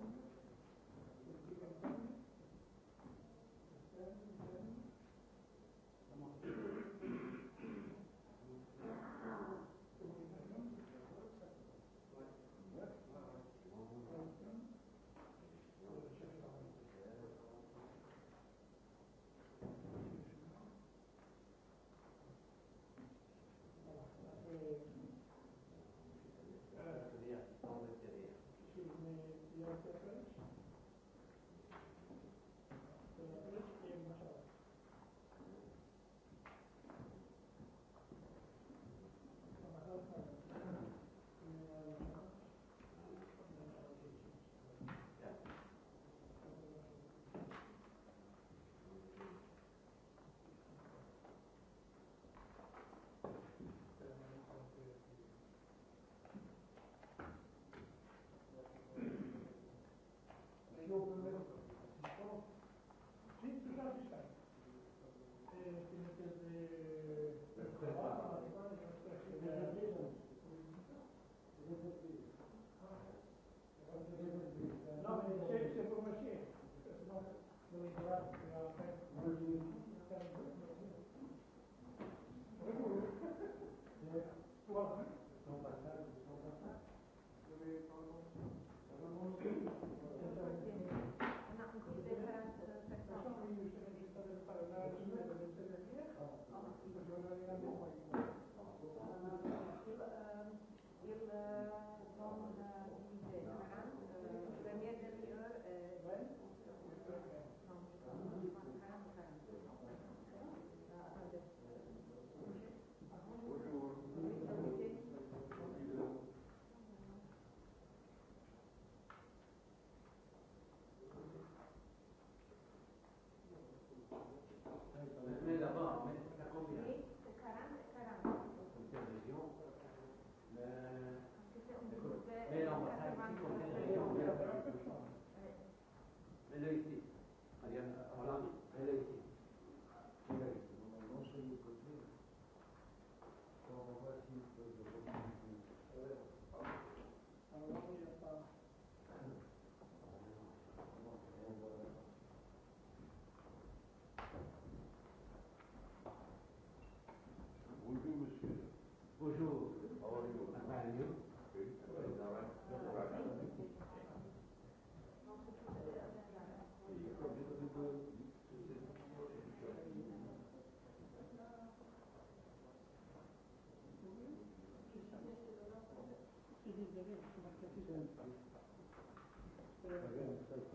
Υπότιτλοι AUTHORWAVE Bonjour. How Thank you.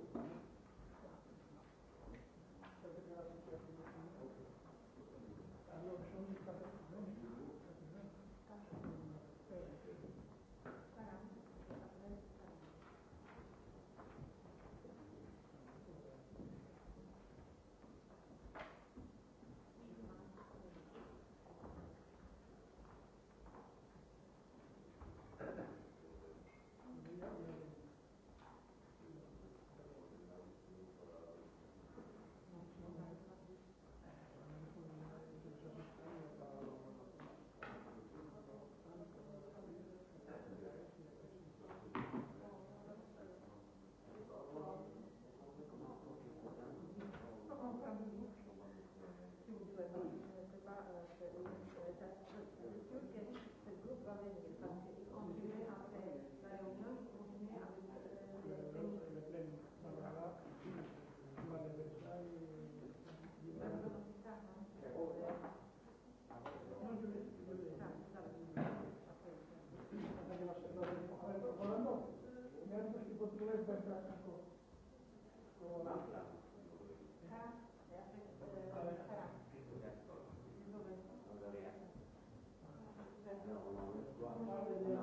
Υπότιτλοι AUTHORWAVE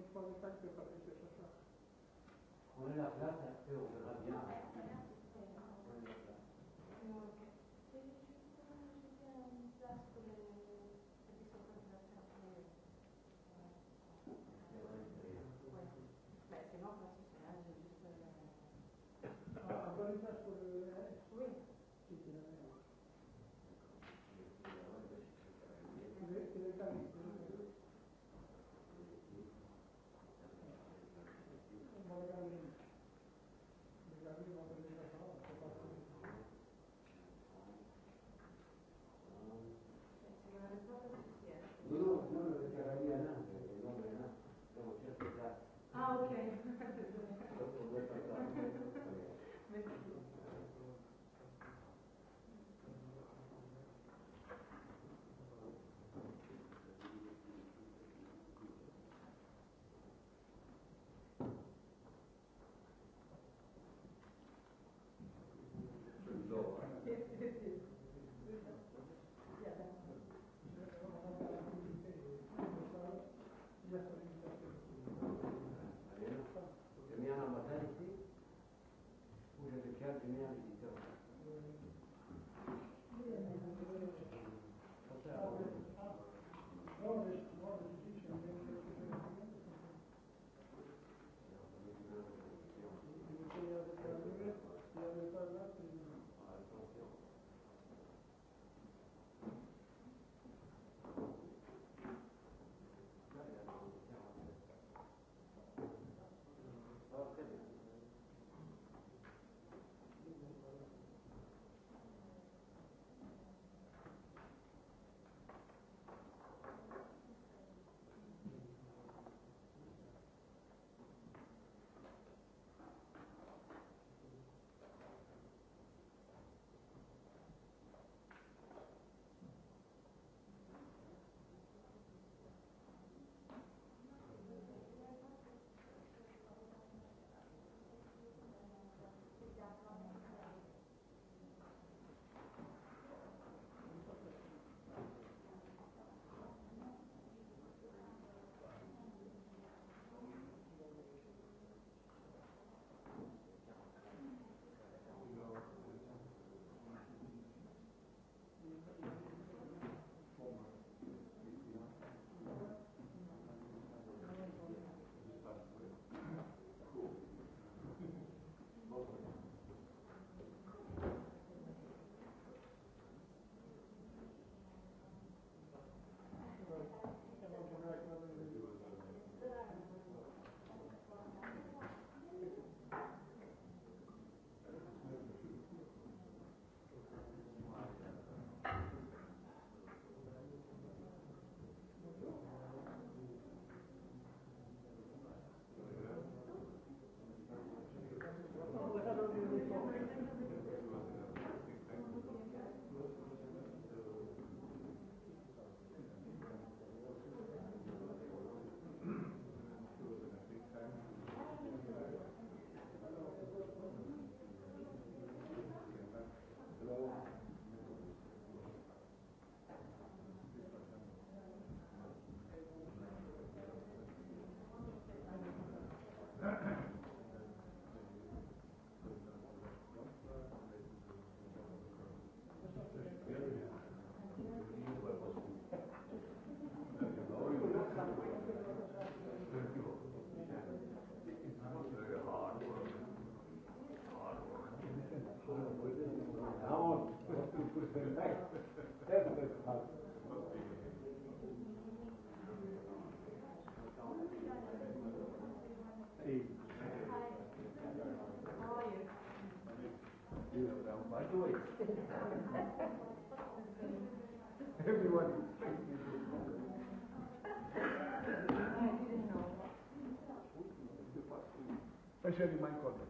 il faut la bien. Especially my colleagues.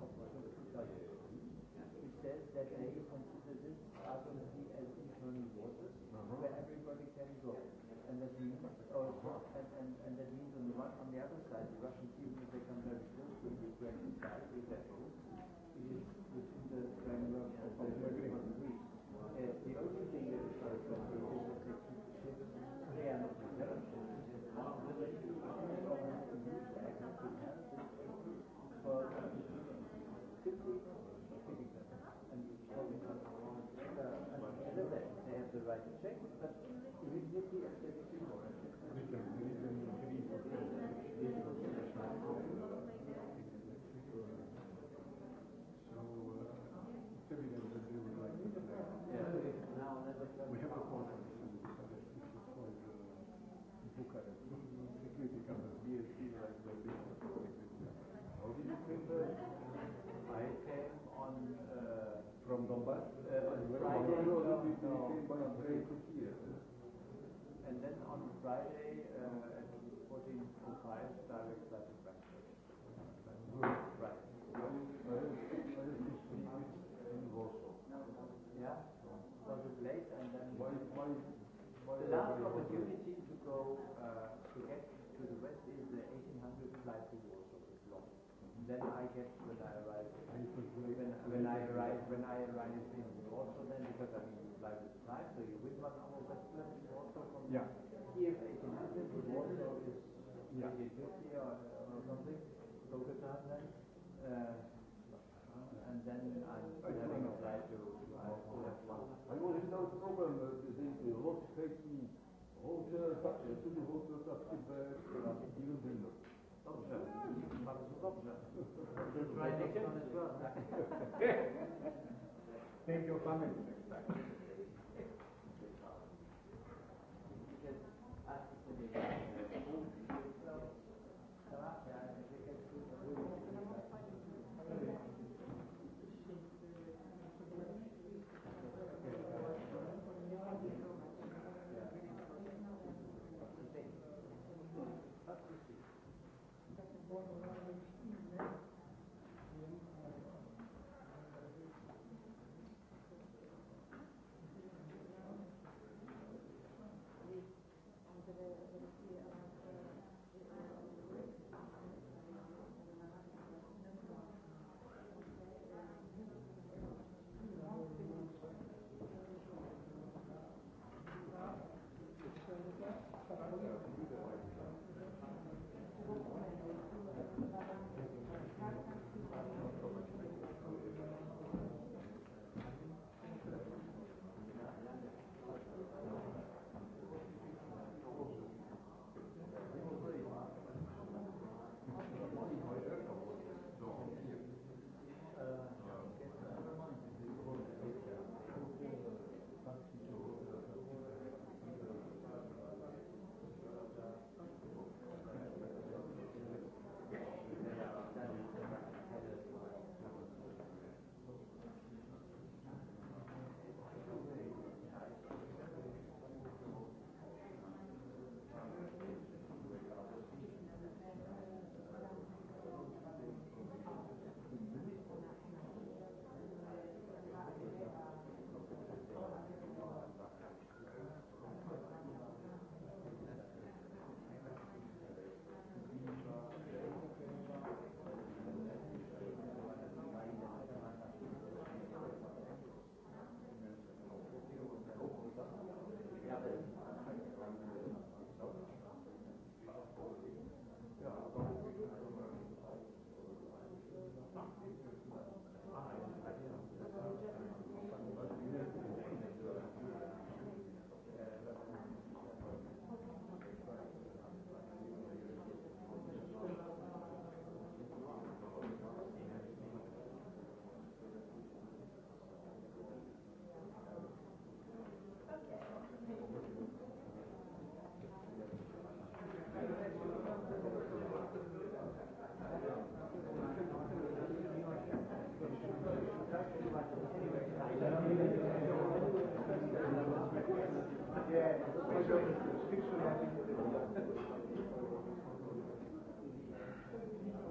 save your family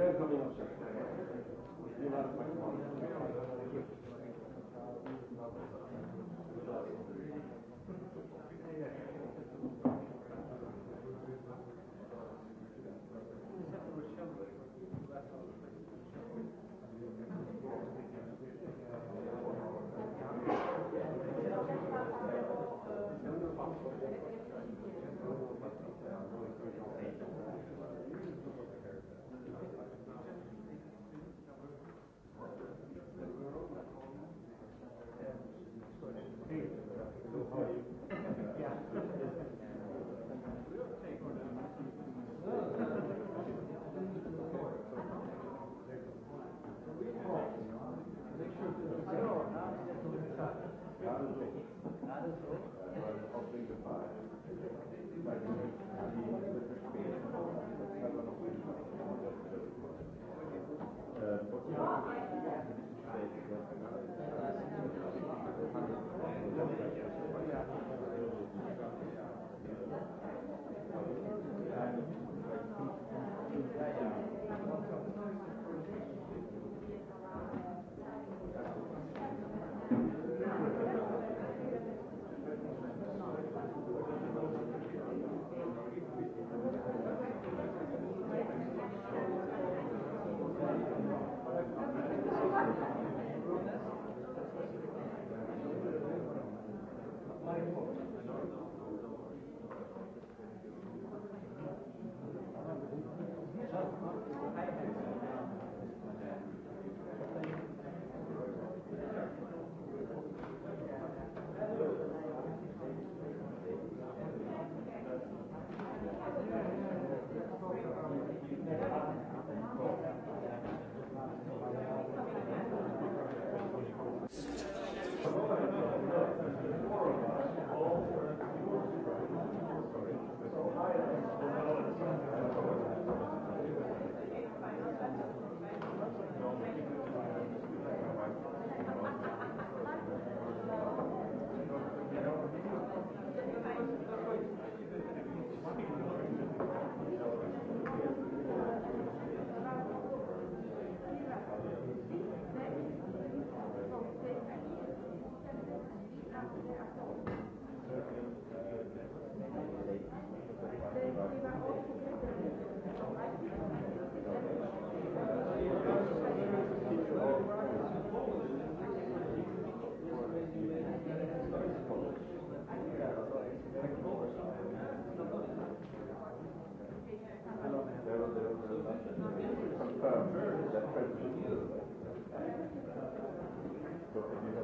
Thank you. Υπότιτλοι AUTHORWAVE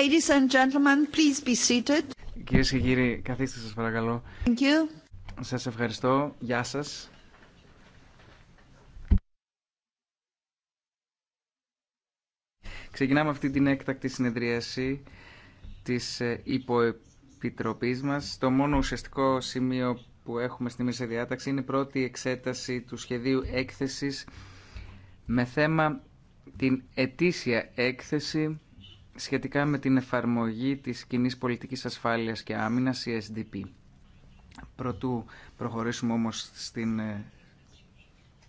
Ladies and gentlemen, please be seated. Κυρίες και κύριοι, καθίστε σας παρακαλώ. Thank you. Σας ευχαριστώ. Γεια σας. Ξεκινάμε αυτή την έκτακτη συνεδρίαση της ε, υποεπιτροπής μας. Το μόνο ουσιαστικό σημείο που έχουμε στη Μέση Διάταξη είναι η πρώτη εξέταση του σχεδίου έκθεσης με θέμα την ετήσια έκθεση σχετικά με την εφαρμογή της κοινή πολιτικής ασφάλειας και άμυνας, η SDP. Πρωτού προχωρήσουμε όμως στην ε,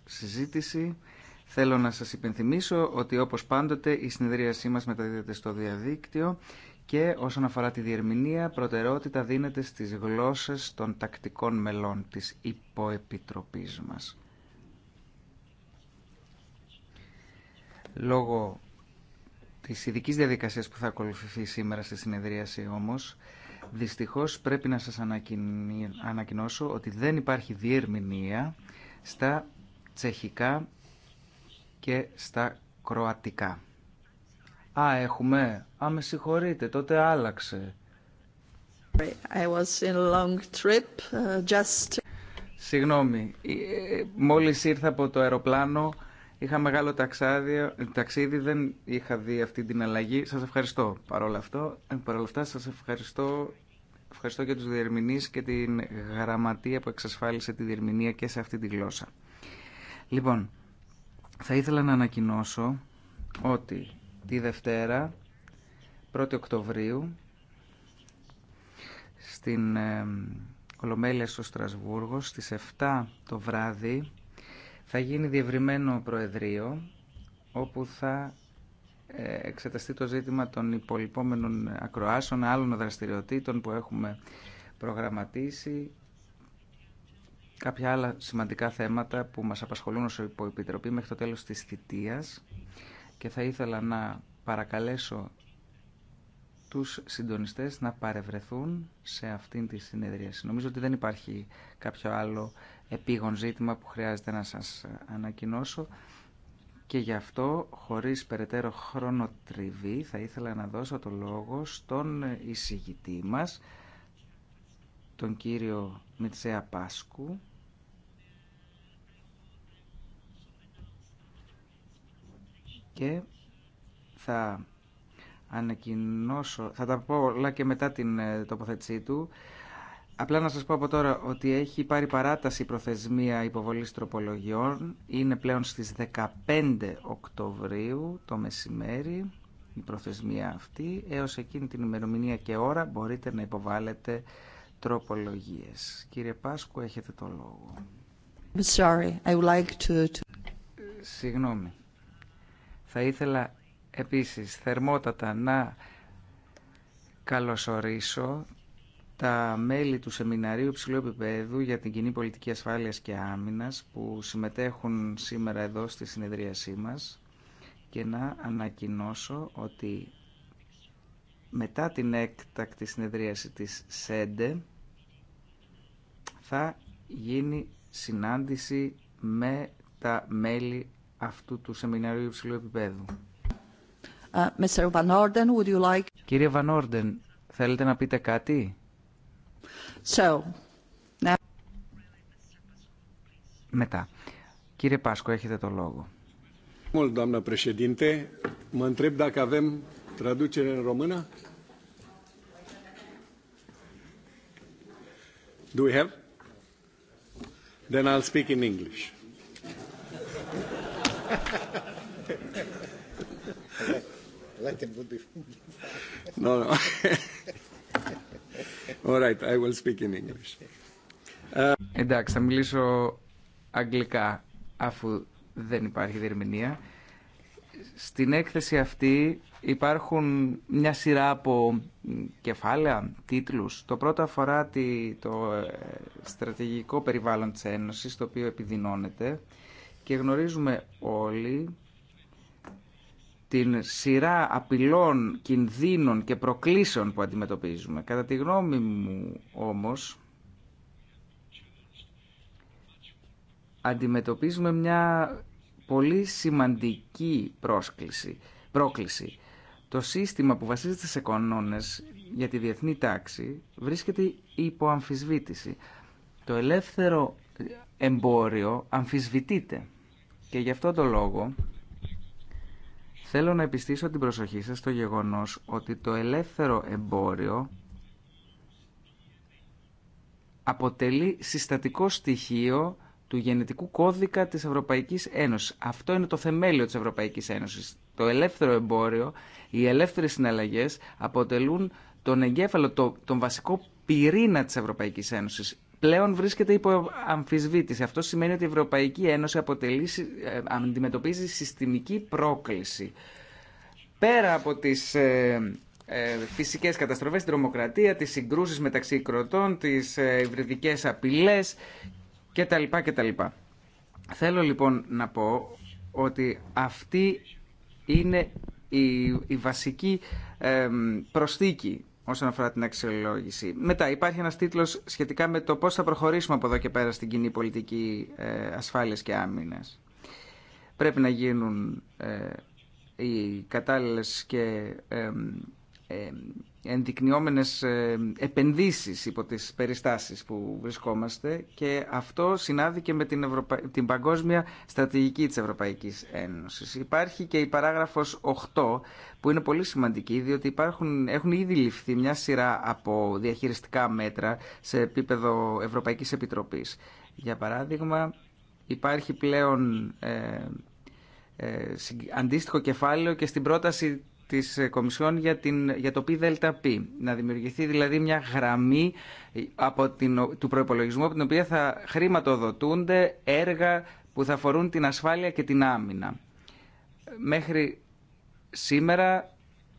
συζήτηση, θέλω να σας υπενθυμίσω ότι όπως πάντοτε η συνεδρίασή μας μεταδίδεται στο διαδίκτυο και όσον αφορά τη διερμηνία, προτεραιότητα δίνεται στις γλώσσες των τακτικών μελών της υποεπιτροπής μας. Λόγω της ειδική διαδικασία που θα ακολουθηθεί σήμερα στη συνεδρίαση όμως, δυστυχώς πρέπει να σας ανακοινώσω ότι δεν υπάρχει διερμηνία στα τσεχικά και στα κροατικά. Α, έχουμε. Α, με συγχωρείτε, τότε άλλαξε. I long trip, uh, just... Συγγνώμη, ε, μόλις ήρθα από το αεροπλάνο Είχα μεγάλο ταξάδιο, ταξίδι, δεν είχα δει αυτή την αλλαγή. Σας ευχαριστώ παρόλα, αυτό, ε, παρόλα αυτά. Σας ευχαριστώ, ευχαριστώ και τους διερμηνείς και την γραμματεία που εξασφάλισε τη διερμηνία και σε αυτή τη γλώσσα. Λοιπόν, θα ήθελα να ανακοινώσω ότι τη Δευτέρα, 1η Οκτωβρίου, στην ε, Ολομέλεια στο Στρασβούργο, στις 7 το βράδυ, θα γίνει διευρυμένο προεδρείο όπου θα ε, εξεταστεί το ζήτημα των υπολοιπόμενων ακροάσεων, άλλων δραστηριοτήτων που έχουμε προγραμματίσει, κάποια άλλα σημαντικά θέματα που μας απασχολούν ως υποεπιτροπή μέχρι το τέλος της θητείας και θα ήθελα να παρακαλέσω τους συντονιστές να παρευρεθούν σε αυτήν τη συνεδρίαση. Νομίζω ότι δεν υπάρχει κάποιο άλλο επίγον ζήτημα που χρειάζεται να σας ε, ανακοινώσω και γι' αυτό χωρίς περαιτέρω χρονοτριβή θα ήθελα να δώσω το λόγο στον ε, εισηγητή μας τον κύριο Μιτσέα Πάσκου και θα ανακοινώσω, θα τα πω όλα και μετά την ε, τοποθέτησή του Απλά να σας πω από τώρα ότι έχει πάρει παράταση η προθεσμία υποβολής τροπολογιών. Είναι πλέον στις 15 Οκτωβρίου το μεσημέρι η προθεσμία αυτή. Έως εκείνη την ημερομηνία και ώρα μπορείτε να υποβάλλετε τροπολογίες. Κύριε Πάσκου, έχετε το λόγο. sorry. I would like to... Συγγνώμη. Θα ήθελα επίσης θερμότατα να καλωσορίσω τα μέλη του Σεμιναρίου Υψηλού Επιπέδου για την Κοινή Πολιτική Ασφάλειας και Άμυνας που συμμετέχουν σήμερα εδώ στη συνεδρίασή μας και να ανακοινώσω ότι μετά την έκτακτη συνεδρίαση της ΣΕΝΤΕ θα γίνει συνάντηση με τα μέλη αυτού του Σεμιναρίου Υψηλού Επιπέδου. Ε, Van Orden, would you like... Κύριε Βανόρντεν, θέλετε να πείτε κάτι? So, now... Μετά. Κύριε Πάσκο, έχετε το λόγο. Mult, doamnă președinte. Mă întreb dacă avem traducere în română. Do we have? Then I'll speak in right, I will speak uh, Εντάξει, θα μιλήσω αγγλικά αφού δεν υπάρχει διερμηνία. Στην έκθεση αυτή υπάρχουν μια σειρά από κεφάλαια, τίτλους. Το πρώτο αφορά το ε, στρατηγικό περιβάλλον της Ένωσης, το οποίο επιδεινώνεται και γνωρίζουμε όλοι την σειρά απειλών, κινδύνων και προκλήσεων που αντιμετωπίζουμε. Κατά τη γνώμη μου όμως, αντιμετωπίζουμε μια πολύ σημαντική πρόσκληση, πρόκληση. Το σύστημα που βασίζεται σε κανόνες για τη διεθνή τάξη βρίσκεται υπό αμφισβήτηση. Το ελεύθερο εμπόριο αμφισβητείται και γι' αυτό το λόγο Θέλω να επιστήσω την προσοχή σας στο γεγονός ότι το ελεύθερο εμπόριο αποτελεί συστατικό στοιχείο του γενετικού κώδικα της Ευρωπαϊκής Ένωσης. Αυτό είναι το θεμέλιο της Ευρωπαϊκής Ένωσης. Το ελεύθερο εμπόριο, οι ελεύθερες συναλλαγές αποτελούν τον εγκέφαλο, τον βασικό πυρήνα της Ευρωπαϊκής Ένωσης πλέον βρίσκεται υπό αμφισβήτηση. Αυτό σημαίνει ότι η Ευρωπαϊκή Ένωση αποτελεί, ε, αντιμετωπίζει συστημική πρόκληση. Πέρα από τις ε, ε, φυσικές καταστροφές, την τρομοκρατία, τις συγκρούσεις μεταξύ κροτών, τις ε, υβριδικές απειλές κτλ. κτλ. Θέλω λοιπόν να πω ότι αυτή είναι η, βασική ε, προσθήκη όσον αφορά την αξιολόγηση. Μετά υπάρχει ένας τίτλος σχετικά με το πώς θα προχωρήσουμε από εδώ και πέρα στην κοινή πολιτική ε, ασφάλειας και άμυνας. Πρέπει να γίνουν ε, οι κατάλληλες και ε, ενδεικνυόμενες ε, επενδύσεις υπό τις περιστάσεις που βρισκόμαστε και αυτό συνάδει και με την, την παγκόσμια στρατηγική της Ευρωπαϊκής Ένωσης. Υπάρχει και η παράγραφος 8 που είναι πολύ σημαντική διότι υπάρχουν, έχουν ήδη ληφθεί μια σειρά από διαχειριστικά μέτρα σε επίπεδο Ευρωπαϊκής Επιτροπής. Για παράδειγμα υπάρχει πλέον ε, αντίστοιχο κεφάλαιο και στην πρόταση της ε, Κομισιόν για, την, για το ΠΔΠ. Να δημιουργηθεί δηλαδή μια γραμμή ε, από την, του προπολογισμού από την οποία θα χρηματοδοτούνται έργα που θα αφορούν την ασφάλεια και την άμυνα. Μέχρι σήμερα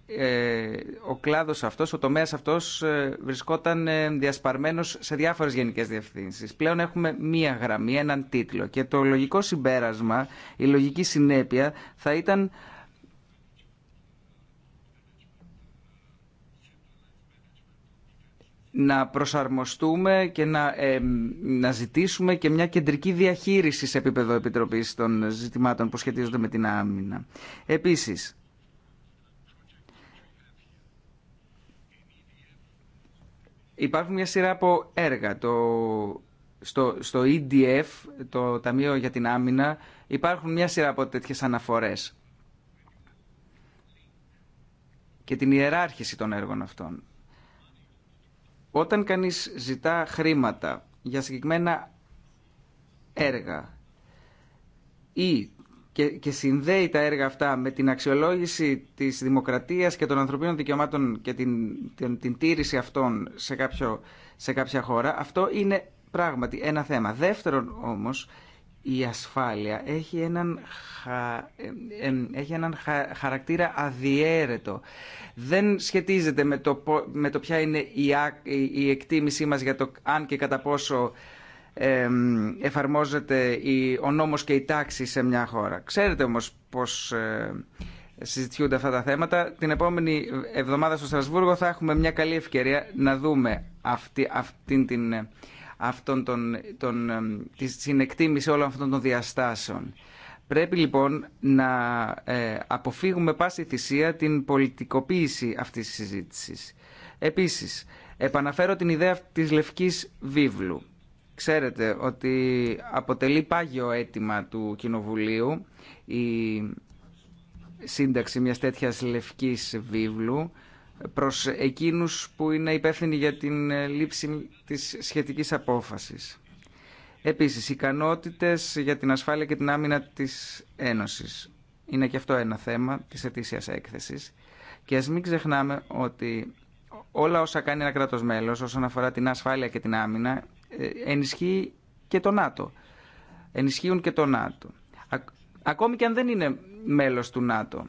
ε, ο κλάδος αυτός, ο τομέας αυτός βρισκόταν διασπαρμένος σε διάφορες γενικές διευθύνσεις. Πλέον έχουμε μία γραμμή, έναν τίτλο και το λογικό συμπέρασμα, η λογική συνέπεια θα ήταν να προσαρμοστούμε και να, ε, να ζητήσουμε και μια κεντρική διαχείριση σε επίπεδο Επιτροπής των ζητημάτων που σχετίζονται με την άμυνα. Επίσης, Υπάρχουν μια σειρά από έργα. Το, στο, στο EDF, το Ταμείο για την Άμυνα, υπάρχουν μια σειρά από τέτοιες αναφορές και την ιεράρχηση των έργων αυτών. Όταν κανείς ζητά χρήματα για συγκεκριμένα έργα ή και, συνδέει τα έργα αυτά με την αξιολόγηση της δημοκρατίας και των ανθρωπίνων δικαιωμάτων και την, την, την τήρηση αυτών σε, κάποιο, σε κάποια χώρα, αυτό είναι πράγματι ένα θέμα. Δεύτερον όμως, η ασφάλεια έχει έναν, ε, ε, έχει έναν χαρακτήρα αδιέρετο. Δεν σχετίζεται με το, με το ποια είναι η, εκτίμησή μας για το αν και κατά πόσο εφαρμόζεται η... ο νόμος και η τάξη σε μια χώρα. Ξέρετε όμως πώς ε, συζητιούνται αυτά τα θέματα. Την επόμενη εβδομάδα στο Στρασβούργο θα έχουμε μια καλή ευκαιρία να δούμε αυτή... αυτή την αυτών των, των, τη συνεκτίμηση όλων αυτών των διαστάσεων. Πρέπει λοιπόν να ε, αποφύγουμε πάση θυσία την πολιτικοποίηση αυτής της συζήτησης. Επίσης, επαναφέρω την ιδέα της Λευκής Βίβλου. Ξέρετε ότι αποτελεί πάγιο αίτημα του Κοινοβουλίου η σύνταξη μιας τέτοιας Λευκής Βίβλου προς εκείνους που είναι υπεύθυνοι για την ε, λήψη της σχετικής απόφασης. Επίσης, ικανότητες για την ασφάλεια και την άμυνα της Ένωσης. Είναι και αυτό ένα θέμα της ετήσιας έκθεσης. Και ας μην ξεχνάμε ότι όλα όσα κάνει ένα κράτος μέλος όσον αφορά την ασφάλεια και την άμυνα ε, ενισχύει και το ΝΑΤΟ. Ενισχύουν και το ΝΑΤΟ. Ακόμη και αν δεν είναι μέλος του ΝΑΤΟ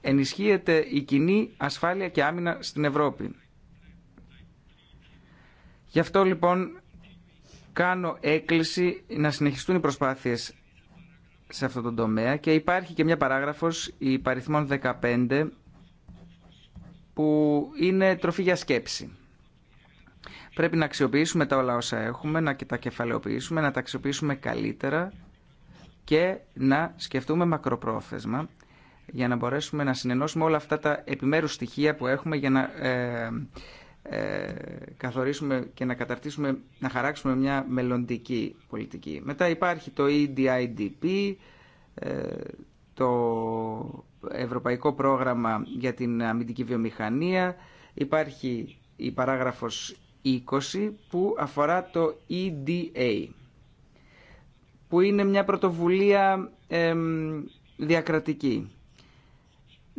ενισχύεται η κοινή ασφάλεια και άμυνα στην Ευρώπη. Γι' αυτό λοιπόν κάνω έκκληση να συνεχιστούν οι προσπάθειες σε αυτό τον τομέα και υπάρχει και μια παράγραφος, η παριθμόν 15, που είναι τροφή για σκέψη. Πρέπει να αξιοποιήσουμε τα όλα όσα έχουμε, να τα κεφαλαιοποιήσουμε, να τα αξιοποιήσουμε καλύτερα και να σκεφτούμε μακροπρόθεσμα για να μπορέσουμε να συνενώσουμε όλα αυτά τα επιμέρους στοιχεία που έχουμε για να ε, ε, καθορίσουμε και να καταρτήσουμε, να χαράξουμε μια μελλοντική πολιτική. Μετά υπάρχει το EDIDP, ε, το Ευρωπαϊκό Πρόγραμμα για την Αμυντική Βιομηχανία, υπάρχει η παράγραφος 20 που αφορά το EDA, που είναι μια πρωτοβουλία διακρατική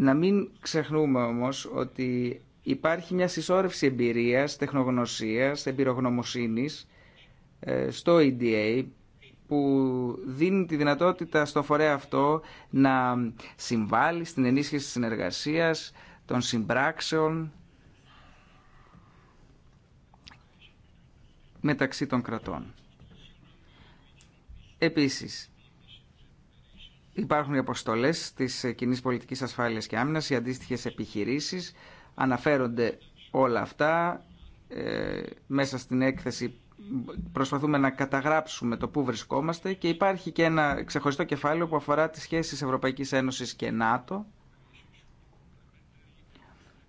να μην ξεχνούμε όμως ότι υπάρχει μια συσσόρευση εμπειρίας, τεχνογνωσίας, εμπειρογνωμοσύνης ε, στο EDA που δίνει τη δυνατότητα στο φορέα αυτό να συμβάλλει στην ενίσχυση της συνεργασίας, των συμπράξεων μεταξύ των κρατών. Επίσης, Υπάρχουν οι αποστολέ τη κοινή πολιτική ασφάλεια και άμυνα, οι αντίστοιχε επιχειρήσει. Αναφέρονται όλα αυτά ε, μέσα στην έκθεση προσπαθούμε να καταγράψουμε το πού βρισκόμαστε και υπάρχει και ένα ξεχωριστό κεφάλαιο που αφορά τις σχέσεις Ευρωπαϊκής Ένωσης και ΝΑΤΟ.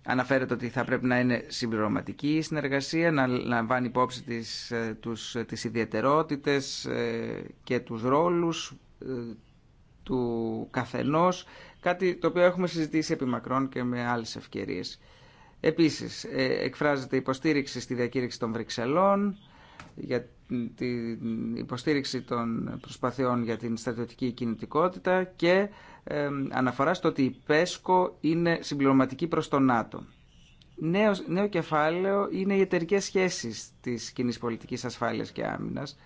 Αναφέρεται ότι θα πρέπει να είναι συμπληρωματική η συνεργασία, να λαμβάνει υπόψη τις, ε, τους, ε, τις ιδιαιτερότητες ε, και τους ρόλους του καθενός, κάτι το οποίο έχουμε συζητήσει επί μακρόν και με άλλες ευκαιρίες. Επίσης, ε, εκφράζεται υποστήριξη στη διακήρυξη των Βρυξελών, για την υποστήριξη των προσπαθειών για την στρατιωτική κινητικότητα και ε, αναφορά στο ότι η ΠΕΣΚΟ είναι συμπληρωματική προς το ΝΑΤΟ. Νέο, νέο κεφάλαιο είναι οι εταιρικέ σχέσεις της κοινή πολιτικής ασφάλειας και άμυνας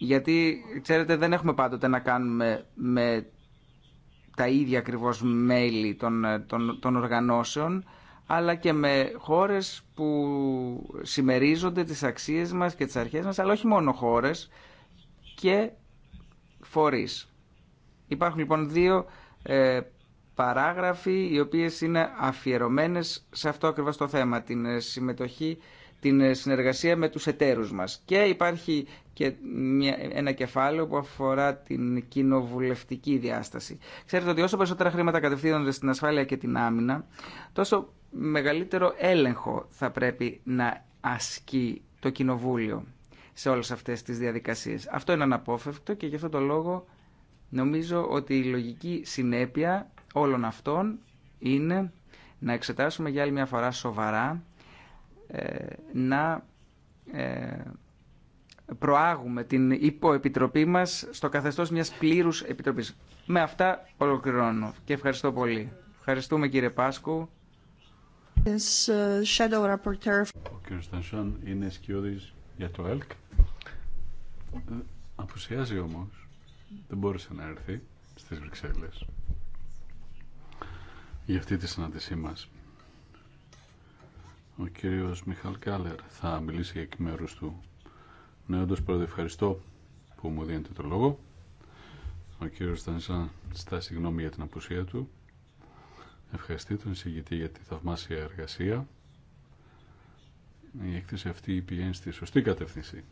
γιατί, ξέρετε, δεν έχουμε πάντοτε να κάνουμε με τα ίδια ακριβώ μέλη των, των, των οργανώσεων, αλλά και με χώρες που συμμερίζονται τις αξίες μας και τις αρχές μας, αλλά όχι μόνο χώρες και φορείς. Υπάρχουν λοιπόν δύο ε, παράγραφοι οι οποίες είναι αφιερωμένες σε αυτό ακριβώς το θέμα, την ε, συμμετοχή, την ε, συνεργασία με τους εταίρους μας. Και υπάρχει και ένα κεφάλαιο που αφορά την κοινοβουλευτική διάσταση. Ξέρετε ότι όσο περισσότερα χρήματα κατευθύνονται στην ασφάλεια και την άμυνα, τόσο μεγαλύτερο έλεγχο θα πρέπει να ασκεί το κοινοβούλιο σε όλες αυτές τις διαδικασίες. Αυτό είναι αναπόφευκτο και γι' αυτό το λόγο νομίζω ότι η λογική συνέπεια όλων αυτών είναι να εξετάσουμε για άλλη μια φορά σοβαρά ε, να ε, προάγουμε την υποεπιτροπή μας στο καθεστώς μιας πλήρους επιτροπής. Με αυτά ολοκληρώνω και ευχαριστώ πολύ. Ευχαριστούμε κύριε Πάσκου. Uh, Ο κύριος Στανσόν είναι σκιώδης για το ΕΛΚ. Ε, Αποουσιάζει όμως. Δεν μπόρεσε να έρθει στις Βρυξέλλες για αυτή τη συνάντησή μας. Ο κύριος Μιχαλ Κάλερ θα μιλήσει εκ μέρους του ναι, όντως πρώτα ευχαριστώ που μου δίνετε το λόγο. Ο κύριος Στανίσα στα συγγνώμη για την απουσία του. Ευχαριστεί τον εισηγητή για τη θαυμάσια εργασία. Η έκθεση αυτή πηγαίνει στη σωστή κατεύθυνση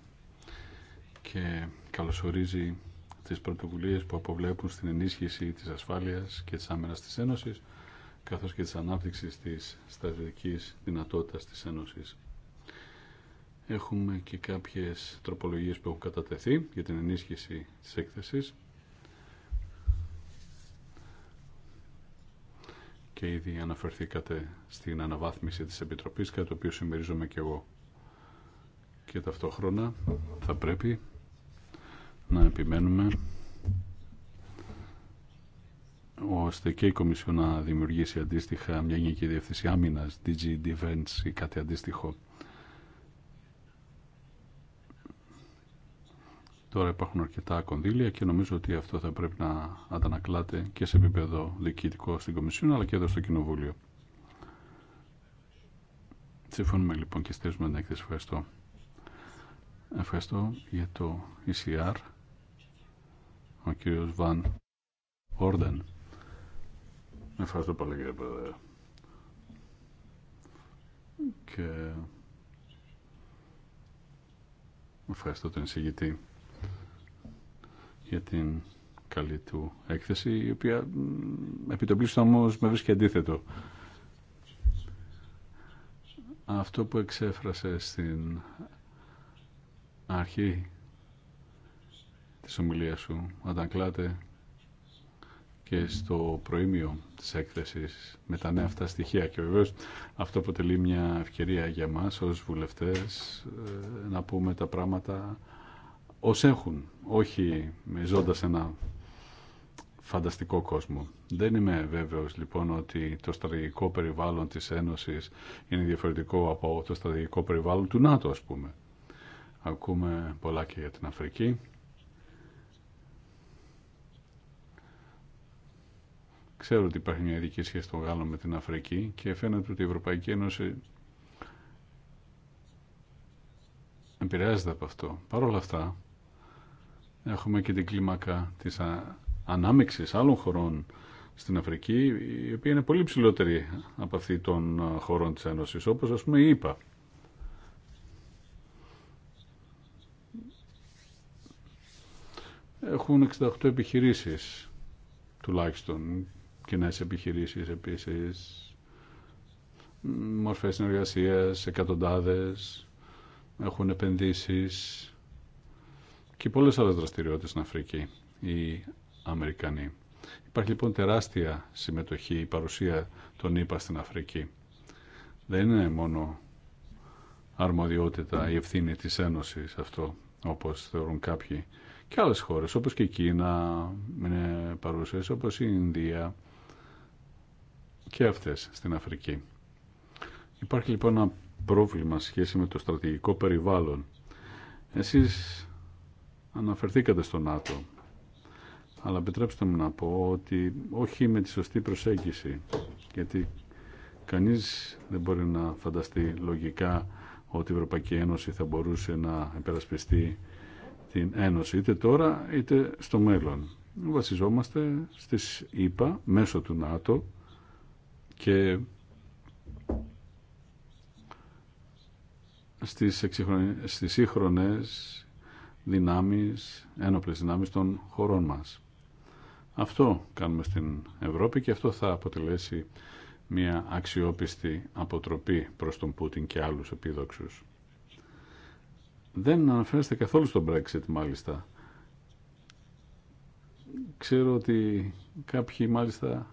και καλωσορίζει τις πρωτοβουλίες που αποβλέπουν στην ενίσχυση της ασφάλειας και της άμενας της Ένωσης καθώς και της ανάπτυξης της στρατιωτικής δυνατότητας της Ένωσης. Έχουμε και κάποιες τροπολογίες που έχουν κατατεθεί για την ενίσχυση της έκθεσης. Και ήδη αναφερθήκατε στην αναβάθμιση της Επιτροπής, κάτι το οποίο συμμερίζομαι και εγώ. Και ταυτόχρονα θα πρέπει να επιμένουμε ώστε και η Κομισιό να δημιουργήσει αντίστοιχα μια γενική διευθυνσία άμυνας, DG Defense ή κάτι αντίστοιχο Τώρα υπάρχουν αρκετά κονδύλια και νομίζω ότι αυτό θα πρέπει να αντανακλάται και σε επίπεδο διοικητικό στην Κομισιόν αλλά και εδώ στο Κοινοβούλιο. Συμφωνούμε λοιπόν και στηρίζουμε την έκθεση. Ευχαριστώ. Ευχαριστώ για το ECR. Ο κύριο Βαν Όρντεν. Ευχαριστώ πολύ κύριε Πρόεδρε. Και ευχαριστώ τον εισηγητή για την καλή του έκθεση, η οποία επί το πλήστο όμως με βρίσκει αντίθετο. Αυτό που εξέφρασε στην αρχή της ομιλίας σου, κλάτε και στο προήμιο της έκθεσης με τα νέα αυτά στοιχεία και βεβαίως αυτό αποτελεί μια ευκαιρία για μας ως βουλευτές ε, να πούμε τα πράγματα ως έχουν, όχι ζώντας ένα φανταστικό κόσμο. Δεν είμαι βέβαιος λοιπόν ότι το στρατηγικό περιβάλλον της Ένωσης είναι διαφορετικό από το στρατηγικό περιβάλλον του ΝΑΤΟ ας πούμε. Ακούμε πολλά και για την Αφρική. Ξέρω ότι υπάρχει μια ειδική σχέση των Γάλλων με την Αφρική και φαίνεται ότι η Ευρωπαϊκή Ένωση επηρεάζεται από αυτό. Παρ' όλα αυτά, Έχουμε και την κλίμακα της ανάμεξης άλλων χωρών στην Αφρική, η οποία είναι πολύ ψηλότερη από αυτή των χωρών της Ένωσης, όπως ας πούμε η ΕΠΑ. Έχουν 68 επιχειρήσεις, τουλάχιστον κοινέ επιχειρήσεις επίσης, μορφές συνεργασίας, εκατοντάδες, έχουν επενδύσεις, και πολλές άλλες δραστηριότητες στην Αφρική οι Αμερικανοί. Υπάρχει λοιπόν τεράστια συμμετοχή, η παρουσία των ΗΠΑ στην Αφρική. Δεν είναι μόνο αρμοδιότητα η ευθύνη της Ένωσης αυτό, όπως θεωρούν κάποιοι. Και άλλες χώρες, όπως και η Κίνα είναι παρουσίες, όπως η Ινδία και αυτές στην Αφρική. Υπάρχει λοιπόν ένα πρόβλημα σχέση με το στρατηγικό περιβάλλον. Εσείς Αναφερθήκατε στο ΝΑΤΟ. Αλλά επιτρέψτε μου να πω ότι όχι με τη σωστή προσέγγιση. Γιατί κανείς δεν μπορεί να φανταστεί λογικά ότι η Ευρωπαϊκή Ένωση θα μπορούσε να υπερασπιστεί την Ένωση είτε τώρα είτε στο μέλλον. Βασιζόμαστε στις ΗΠΑ μέσω του ΝΑΤΟ και στις, εξυγχρονι... στις σύγχρονες δυνάμεις, ένοπλες δυνάμεις των χωρών μας. Αυτό κάνουμε στην Ευρώπη και αυτό θα αποτελέσει μια αξιόπιστη αποτροπή προς τον Πούτιν και άλλους επίδοξους. Δεν αναφέρεστε καθόλου στο Brexit μάλιστα. Ξέρω ότι κάποιοι μάλιστα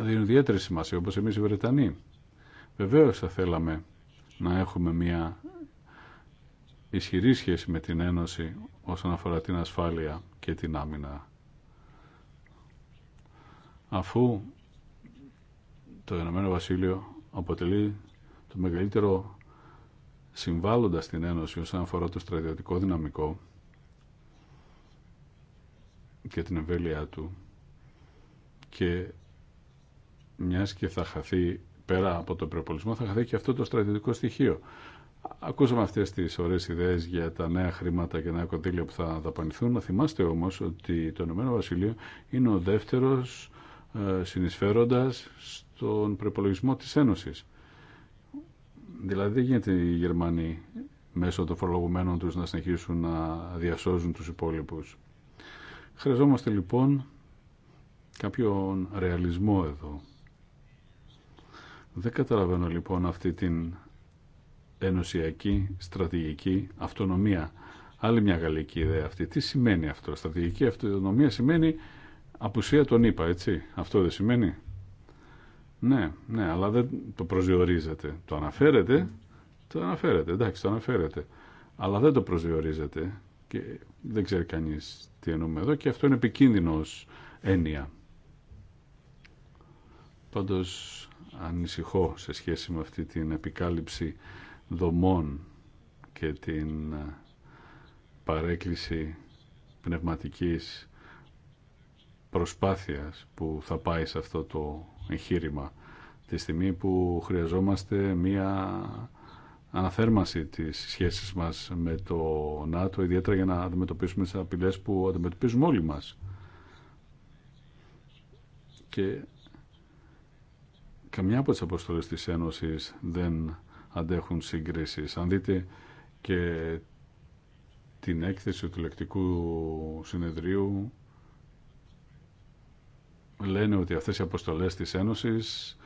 δίνουν ιδιαίτερη σημασία όπως εμείς οι Βρετανοί. Βεβαίως θα θέλαμε να έχουμε μια ισχυρή σχέση με την Ένωση όσον αφορά την ασφάλεια και την άμυνα. Αφού το Ηνωμένο Βασίλειο αποτελεί το μεγαλύτερο συμβάλλοντα στην Ένωση όσον αφορά το στρατιωτικό δυναμικό και την εμβέλειά του και μιας και θα χαθεί πέρα από το προπολισμό θα χαθεί και αυτό το στρατιωτικό στοιχείο. Ακούσαμε αυτέ τι ωραίε ιδέε για τα νέα χρήματα και νέα κονδύλια που θα δαπανηθούν. Να θυμάστε όμω ότι το Ηνωμένο Βασιλείο είναι ο δεύτερο ε, συνεισφέροντα στον προπολογισμό τη Ένωση. Δηλαδή δεν γίνεται οι Γερμανοί μέσω των φορολογουμένων τους να συνεχίσουν να διασώζουν τους υπόλοιπου. Χρειαζόμαστε λοιπόν κάποιον ρεαλισμό εδώ. Δεν καταλαβαίνω λοιπόν αυτή την ενωσιακή στρατηγική αυτονομία. Άλλη μια γαλλική ιδέα αυτή. Τι σημαίνει αυτό. Στρατηγική αυτονομία σημαίνει απουσία τον ΗΠΑ, έτσι. Αυτό δεν σημαίνει. Ναι, ναι, αλλά δεν το προσδιορίζεται. Το αναφέρετε, το αναφέρετε, εντάξει, το αναφέρετε. Αλλά δεν το προσδιορίζετε και δεν ξέρει κανείς τι εννοούμε εδώ και αυτό είναι επικίνδυνο έννοια. Πάντως ανησυχώ σε σχέση με αυτή την επικάλυψη δομών και την ε, παρέκκληση πνευματικής προσπάθειας που θα πάει σε αυτό το εγχείρημα τη στιγμή που χρειαζόμαστε μία αναθέρμανση της σχέσης μας με το ΝΑΤΟ ιδιαίτερα για να αντιμετωπίσουμε τις απειλές που αντιμετωπίζουμε όλοι μας και καμιά από τις αποστολές της Ένωσης δεν αντέχουν σύγκρισης. Αν δείτε και την έκθεση του λεκτικού συνεδρίου λένε ότι αυτές οι αποστολές της Ένωσης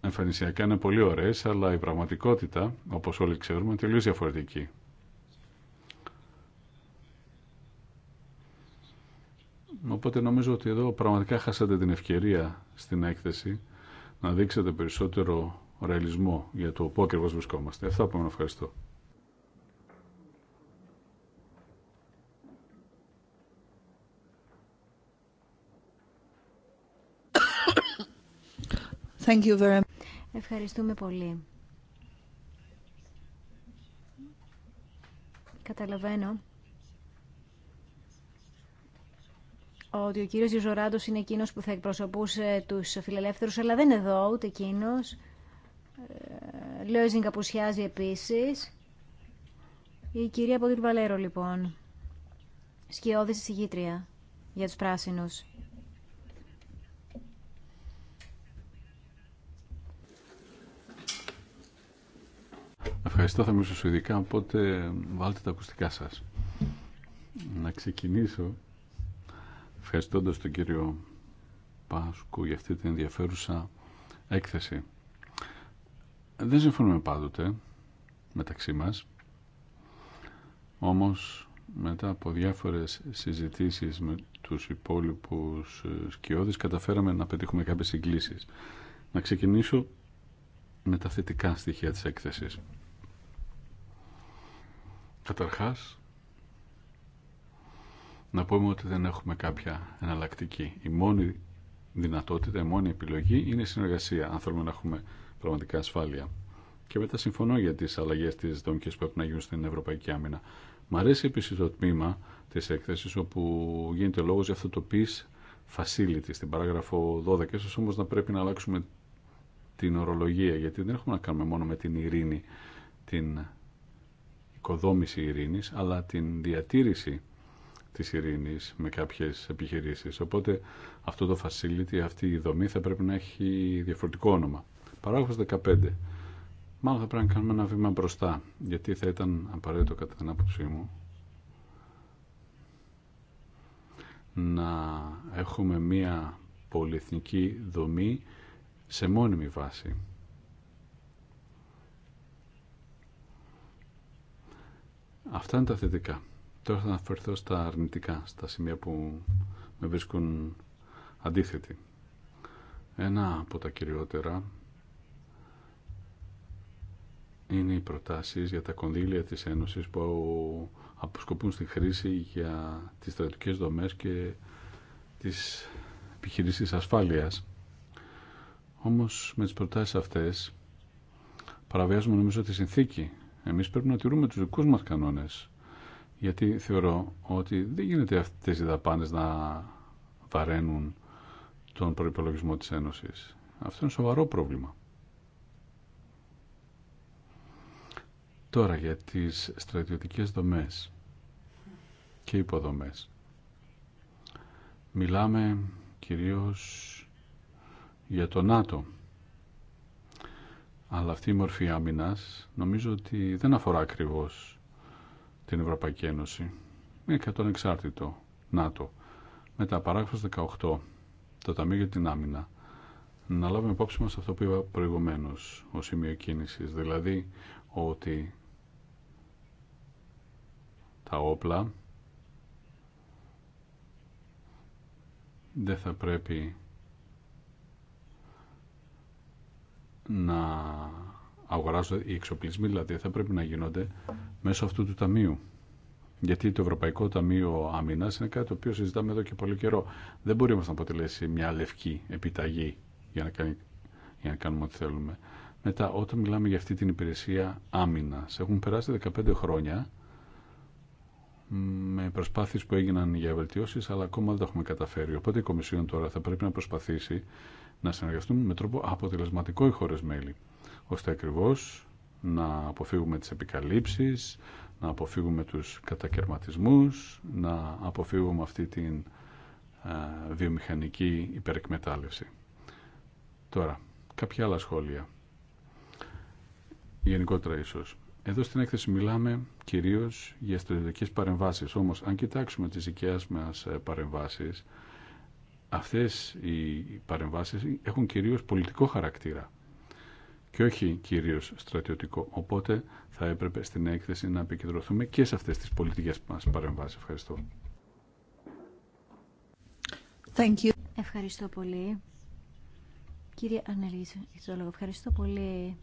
εμφανισιακά είναι πολύ ωραίες, αλλά η πραγματικότητα, όπως όλοι ξέρουμε, είναι τελείως διαφορετική. Οπότε νομίζω ότι εδώ πραγματικά χάσατε την ευκαιρία στην έκθεση να δείξετε περισσότερο ρεαλισμό για το πού ακριβώ βρισκόμαστε. Αυτά που ευχαριστώ. Ευχαριστούμε πολύ. Καταλαβαίνω ότι ο κύριος Ζωράντος είναι εκείνος που θα εκπροσωπούσε τους φιλελεύθερους, αλλά δεν είναι εδώ ούτε εκείνος. Λόιζινγκ απουσιάζει επίσης. Η κυρία την Βαλέρο, λοιπόν, σκιώδης συγκήτρια για τους πράσινους. Ευχαριστώ, θα μιλήσω ειδικά, οπότε βάλτε τα ακουστικά σας. Να ξεκινήσω ευχαριστώντας τον κύριο Πάσκου για αυτή την ενδιαφέρουσα έκθεση. Δεν συμφωνούμε πάντοτε μεταξύ μας. Όμως μετά από διάφορες συζητήσεις με τους υπόλοιπους ε, σκιώδεις καταφέραμε να πετύχουμε κάποιες συγκλήσεις. Να ξεκινήσω με τα θετικά στοιχεία της έκθεσης. Καταρχάς, να πούμε ότι δεν έχουμε κάποια εναλλακτική. Η μόνη δυνατότητα, η μόνη επιλογή είναι η συνεργασία, αν θέλουμε να έχουμε πραγματικά ασφάλεια. Και μετά συμφωνώ για τι αλλαγέ τη δομική που πρέπει να γίνουν στην Ευρωπαϊκή Άμυνα. Μ' αρέσει επίση το τμήμα τη έκθεση όπου γίνεται λόγο για αυτό το peace facility στην παράγραφο 12. σω όμω να πρέπει να αλλάξουμε την ορολογία, γιατί δεν έχουμε να κάνουμε μόνο με την ειρήνη, την οικοδόμηση ειρήνη, αλλά την διατήρηση της ειρήνης με κάποιες επιχειρήσεις. Οπότε αυτό το facility, αυτή η δομή θα πρέπει να έχει διαφορετικό όνομα. Παράγραφος 15. Μάλλον θα πρέπει να κάνουμε ένα βήμα μπροστά, γιατί θα ήταν απαραίτητο κατά την άποψή μου να έχουμε μία πολυεθνική δομή σε μόνιμη βάση. Αυτά είναι τα θετικά. Τώρα θα αναφερθώ στα αρνητικά, στα σημεία που με βρίσκουν αντίθετη. Ένα από τα κυριότερα είναι οι προτάσεις για τα κονδύλια της Ένωσης που αποσκοπούν στη χρήση για τις στρατιωτικές δομές και τις επιχειρήσεις ασφάλειας. Όμως με τις προτάσεις αυτές παραβιάζουμε νομίζω τη συνθήκη. Εμείς πρέπει να τηρούμε τους δικούς μας κανόνες. Γιατί θεωρώ ότι δεν γίνεται αυτές οι δαπάνες να βαραίνουν τον προϋπολογισμό της Ένωσης. Αυτό είναι σοβαρό πρόβλημα. Τώρα για τις στρατιωτικές δομές και υποδομές. Μιλάμε κυρίως για το ΝΑΤΟ. Αλλά αυτή η μορφή άμυνας νομίζω ότι δεν αφορά ακριβώς την Ευρωπαϊκή Ένωση. Είναι και τον εξάρτητο ΝΑΤΟ. Μετά παράγραφος 18, το Ταμείο για την Άμυνα. Να λάβουμε υπόψη μας αυτό που είπα προηγουμένως, ως σημείο κίνησης, δηλαδή ότι τα όπλα δεν θα πρέπει να αγοράζονται οι εξοπλισμοί, δηλαδή θα πρέπει να γίνονται μέσω αυτού του ταμείου. Γιατί το Ευρωπαϊκό Ταμείο Αμυνά είναι κάτι το οποίο συζητάμε εδώ και πολύ καιρό. Δεν μπορεί όμω να αποτελέσει μια λευκή επιταγή για να, κάνει, για να κάνουμε ό,τι θέλουμε. Μετά, όταν μιλάμε για αυτή την υπηρεσία άμυνα, έχουν περάσει 15 χρόνια με προσπάθειες που έγιναν για βελτιώσεις, αλλά ακόμα δεν τα έχουμε καταφέρει. Οπότε η Κομισιόν τώρα θα πρέπει να προσπαθήσει να συνεργαστούν με τρόπο αποτελεσματικό οι χώρες μέλη, ώστε ακριβώς να αποφύγουμε τις επικαλύψεις, να αποφύγουμε τους κατακαιρματισμούς, να αποφύγουμε αυτή την ε, βιομηχανική υπερεκμετάλλευση. Τώρα, κάποια άλλα σχόλια. Γενικότερα ίσως. Εδώ στην έκθεση μιλάμε κυρίω για στρατιωτικές παρεμβάσεις. Όμως, αν κοιτάξουμε τις δικέ μας ε, παρεμβάσεις, αυτές οι παρεμβάσεις έχουν κυρίω πολιτικό χαρακτήρα και όχι κυρίω στρατιωτικό. Οπότε θα έπρεπε στην έκθεση να επικεντρωθούμε και σε αυτές τις πολιτικές μας παρεμβάσεις. Ευχαριστώ. Thank you. Ευχαριστώ πολύ. Κύριε ανέλη. ευχαριστώ πολύ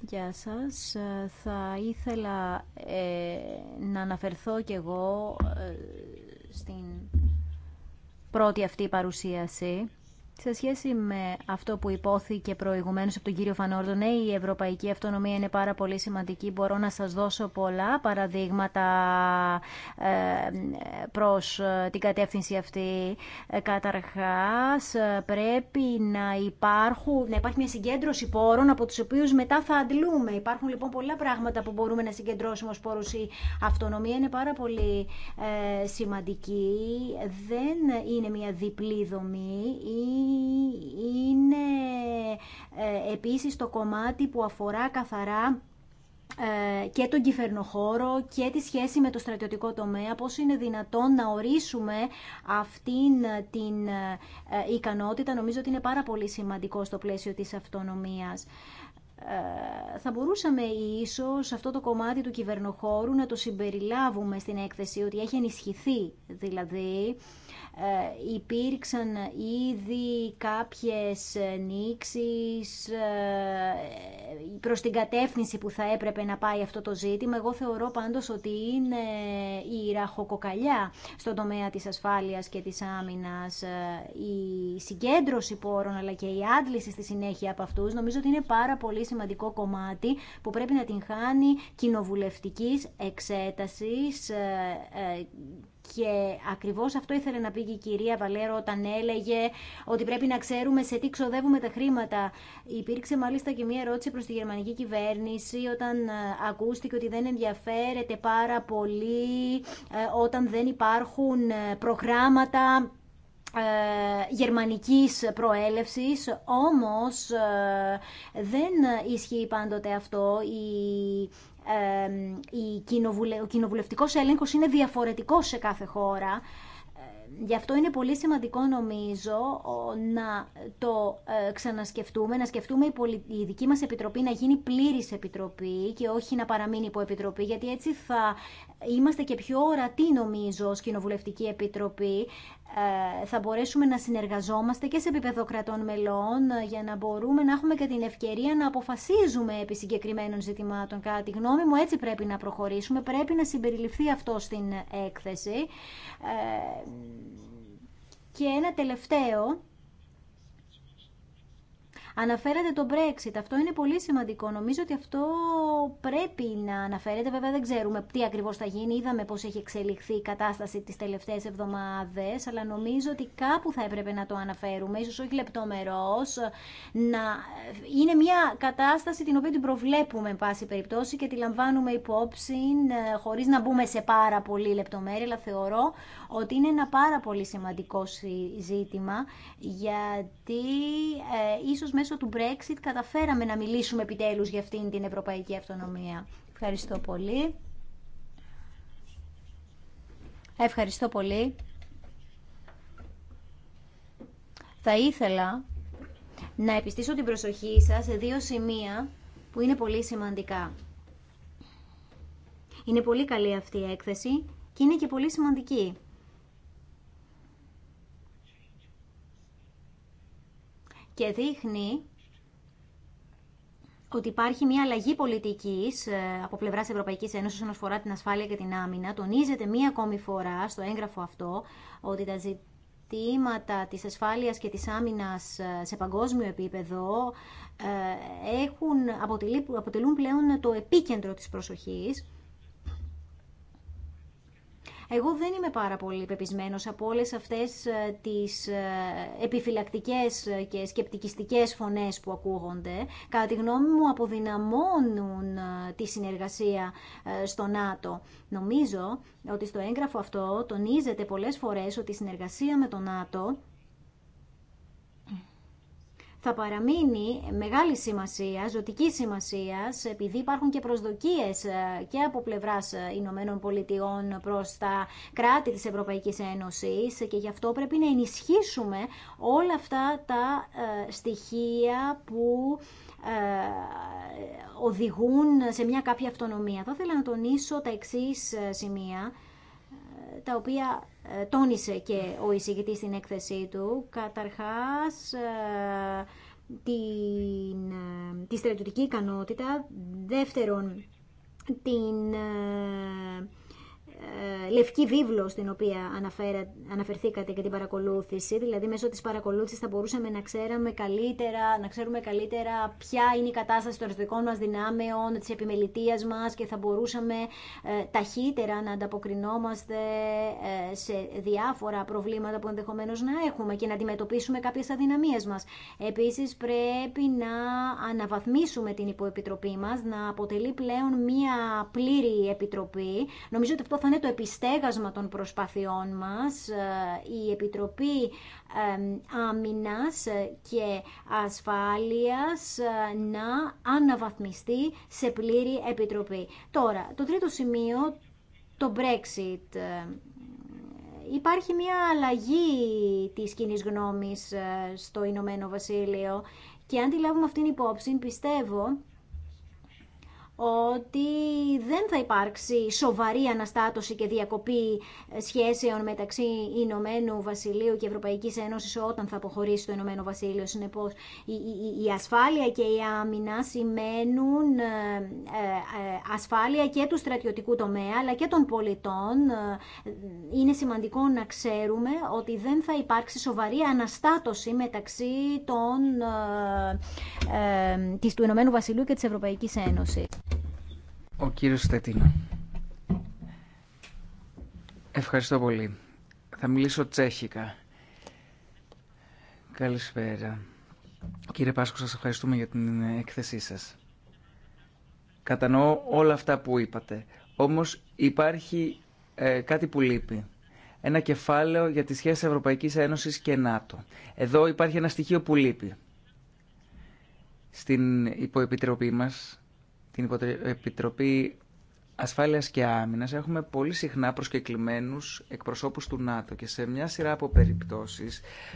Γεια σας. Ε, θα ήθελα ε, να αναφερθώ κι εγώ ε, στην πρώτη αυτή παρουσίαση. Σε σχέση με αυτό που υπόθηκε προηγουμένω από τον κύριο Φανόρδο, ναι, η ευρωπαϊκή αυτονομία είναι πάρα πολύ σημαντική. Μπορώ να σα δώσω πολλά παραδείγματα ε, προ ε, την κατεύθυνση αυτή. Ε, Καταρχά, πρέπει να, υπάρχουν, να υπάρχει μια συγκέντρωση πόρων από του οποίου μετά θα αντλούμε. Υπάρχουν λοιπόν πολλά πράγματα που μπορούμε να συγκεντρώσουμε ω πόρου. Η αυτονομία είναι πάρα πολύ σημαντική. Δεν είναι μια διπλή δομή ή είναι ε, επίσης το κομμάτι που αφορά καθαρά ε, και τον κυβερνοχώρο και τη σχέση με το στρατιωτικό τομέα, πώς είναι δυνατόν να ορίσουμε αυτήν την ε, ικανότητα, νομίζω ότι είναι πάρα πολύ σημαντικό στο πλαίσιο της αυτονομίας. Θα μπορούσαμε ίσως αυτό το κομμάτι του κυβερνοχώρου να το συμπεριλάβουμε στην έκθεση, ότι έχει ενισχυθεί δηλαδή ε, υπήρξαν ήδη κάποιες νήξεις ε, προς την κατεύθυνση που θα έπρεπε να πάει αυτό το ζήτημα. Εγώ θεωρώ πάντως ότι είναι η ραχοκοκαλιά στον τομέα της ασφάλειας και της άμυνας. Ε, η συγκέντρωση πόρων αλλά και η άντληση στη συνέχεια από αυτούς νομίζω ότι είναι πάρα πολύ σημαντικό κομμάτι που πρέπει να την χάνει κοινοβουλευτικής εξέτασης και ακριβώς αυτό ήθελε να πει και η κυρία Βαλέρο όταν έλεγε ότι πρέπει να ξέρουμε σε τι ξοδεύουμε τα χρήματα. Υπήρξε μάλιστα και μία ερώτηση προς τη γερμανική κυβέρνηση όταν ε, ακούστηκε ότι δεν ενδιαφέρεται πάρα πολύ ε, όταν δεν υπάρχουν ε, προγράμματα γερμανικής προέλευσης, όμως δεν ισχύει πάντοτε αυτό. Η ο κοινοβουλευτικός έλεγχος είναι διαφορετικός σε κάθε χώρα. Ε, γι' αυτό είναι πολύ σημαντικό νομίζω να το ε, ξανασκεφτούμε, να σκεφτούμε η δική μας επιτροπή να γίνει πλήρης επιτροπή και όχι να παραμείνει υποεπιτροπή, γιατί έτσι θα είμαστε και πιο ορατοί νομίζω ως Κοινοβουλευτική Επιτροπή ε, θα μπορέσουμε να συνεργαζόμαστε και σε επίπεδο κρατών μελών ε, για να μπορούμε να έχουμε και την ευκαιρία να αποφασίζουμε επί συγκεκριμένων ζητημάτων. Κατά γνώμη μου έτσι πρέπει να προχωρήσουμε, πρέπει να συμπεριληφθεί αυτό στην έκθεση. Ε, και ένα τελευταίο Αναφέρατε το Brexit. Αυτό είναι πολύ σημαντικό. Νομίζω ότι αυτό πρέπει να αναφέρεται. Βέβαια δεν ξέρουμε τι ακριβώς θα γίνει. Είδαμε πώς έχει εξελιχθεί η κατάσταση τις τελευταίες εβδομάδες. Αλλά νομίζω ότι κάπου θα έπρεπε να το αναφέρουμε. Ίσως όχι λεπτομερός. Να... Είναι μια κατάσταση την οποία την προβλέπουμε εν πάση περιπτώσει και τη λαμβάνουμε υπόψη ε, χωρίς να μπούμε σε πάρα πολύ λεπτομέρεια. Αλλά θεωρώ ότι είναι ένα πάρα πολύ σημαντικό ζήτημα γιατί ε, ίσως μέσα μέσω του Brexit καταφέραμε να μιλήσουμε επιτέλους για αυτήν την ευρωπαϊκή αυτονομία. Ευχαριστώ πολύ. Ευχαριστώ πολύ. Θα ήθελα να επιστήσω την προσοχή σας σε δύο σημεία που είναι πολύ σημαντικά. Είναι πολύ καλή αυτή η έκθεση και είναι και πολύ σημαντική. και δείχνει ότι υπάρχει μια αλλαγή πολιτική ε, από πλευρά Ευρωπαϊκή Ένωση όσον αφορά την ασφάλεια και την άμυνα. Τονίζεται μία ακόμη φορά στο έγγραφο αυτό ότι τα ζητήματα της ασφάλειας και της άμυνας ε, σε παγκόσμιο επίπεδο ε, έχουν, αποτελούν πλέον το επίκεντρο της προσοχής εγώ δεν είμαι πάρα πολύ πεπισμένος από όλες αυτές ε, τις ε, επιφυλακτικές και σκεπτικιστικές φωνές που ακούγονται. Κατά τη γνώμη μου αποδυναμώνουν ε, τη συνεργασία στο ΝΑΤΟ. Νομίζω ότι στο έγγραφο αυτό τονίζεται πολλές φορές ότι η συνεργασία με το ΝΑΤΟ θα παραμείνει μεγάλη σημασία, ζωτική σημασία, επειδή υπάρχουν και προσδοκίε ε, και από πλευρά ε, Ηνωμένων Πολιτειών προ τα κράτη τη Ευρωπαϊκή Ένωση και γι' αυτό πρέπει να ενισχύσουμε όλα αυτά τα ε, στοιχεία που οδηγούν σε μια κάποια αυτονομία. Θα ήθελα να τονίσω τα εξή σημεία τα οποία ε, τόνισε και ο εισηγητής στην έκθεσή του. Καταρχάς, ε, την, ε, τη στρατιωτική ικανότητα. Δεύτερον, την ε, λευκή βίβλο στην οποία αναφερθήκατε και την παρακολούθηση, δηλαδή μέσω της παρακολούθησης θα μπορούσαμε να, ξέραμε καλύτερα, να ξέρουμε καλύτερα ποια είναι η κατάσταση των ρυθμικών μας δυνάμεων, της επιμελητίας μας και θα μπορούσαμε ε, ταχύτερα να ανταποκρινόμαστε ε, σε διάφορα προβλήματα που ενδεχομένως να έχουμε και να αντιμετωπίσουμε κάποιες αδυναμίες μας. Επίσης πρέπει να αναβαθμίσουμε την υποεπιτροπή μας, να αποτελεί πλέον μία πλήρη επιτροπή. Νομίζω ότι αυτό είναι το επιστέγασμα των προσπαθειών μας. Ε, η Επιτροπή Άμυνας και Ασφάλειας ε, να αναβαθμιστεί σε πλήρη επιτροπή. Τώρα, το τρίτο σημείο, το Brexit ε, υπάρχει μια αλλαγή της κοινή γνώμης στο Ηνωμένο Βασίλειο και αν τη λάβουμε αυτήν υπόψη πιστεύω ότι δεν θα υπάρξει σοβαρή αναστάτωση και διακοπή ε, σχέσεων μεταξύ Ηνωμένου Βασιλείου και Ευρωπαϊκής Ένωσης όταν θα αποχωρήσει το Ηνωμένο Βασίλειο. Συνεπώς, η ασφάλεια και η άμυνα σημαίνουν ε, ε, ασφάλεια και του στρατιωτικού τομέα αλλά και των πολιτών. Είναι σημαντικό να ξέρουμε ότι δεν θα υπάρξει σοβαρή αναστάτωση μεταξύ των, του Ηνωμένου Βασιλείου και της Ευρωπαϊκής Ένωσης. Ο κύριος Στετίνο. Ευχαριστώ πολύ. Θα μιλήσω τσέχικα. Καλησπέρα. Κύριε Πάσκο, σας ευχαριστούμε για την έκθεσή σας. Κατανοώ όλα αυτά που είπατε. Όμως υπάρχει ε, κάτι που λείπει. Ένα κεφάλαιο για τις σχέσεις Ευρωπαϊκής Ένωσης και ΝΑΤΟ. Εδώ υπάρχει ένα στοιχείο που λείπει. Στην υποεπιτροπή μας την Επιτροπή Ασφάλειας και Άμυνα, έχουμε πολύ συχνά προσκεκλημένου εκπροσώπους του ΝΑΤΟ και σε μια σειρά από περιπτώσει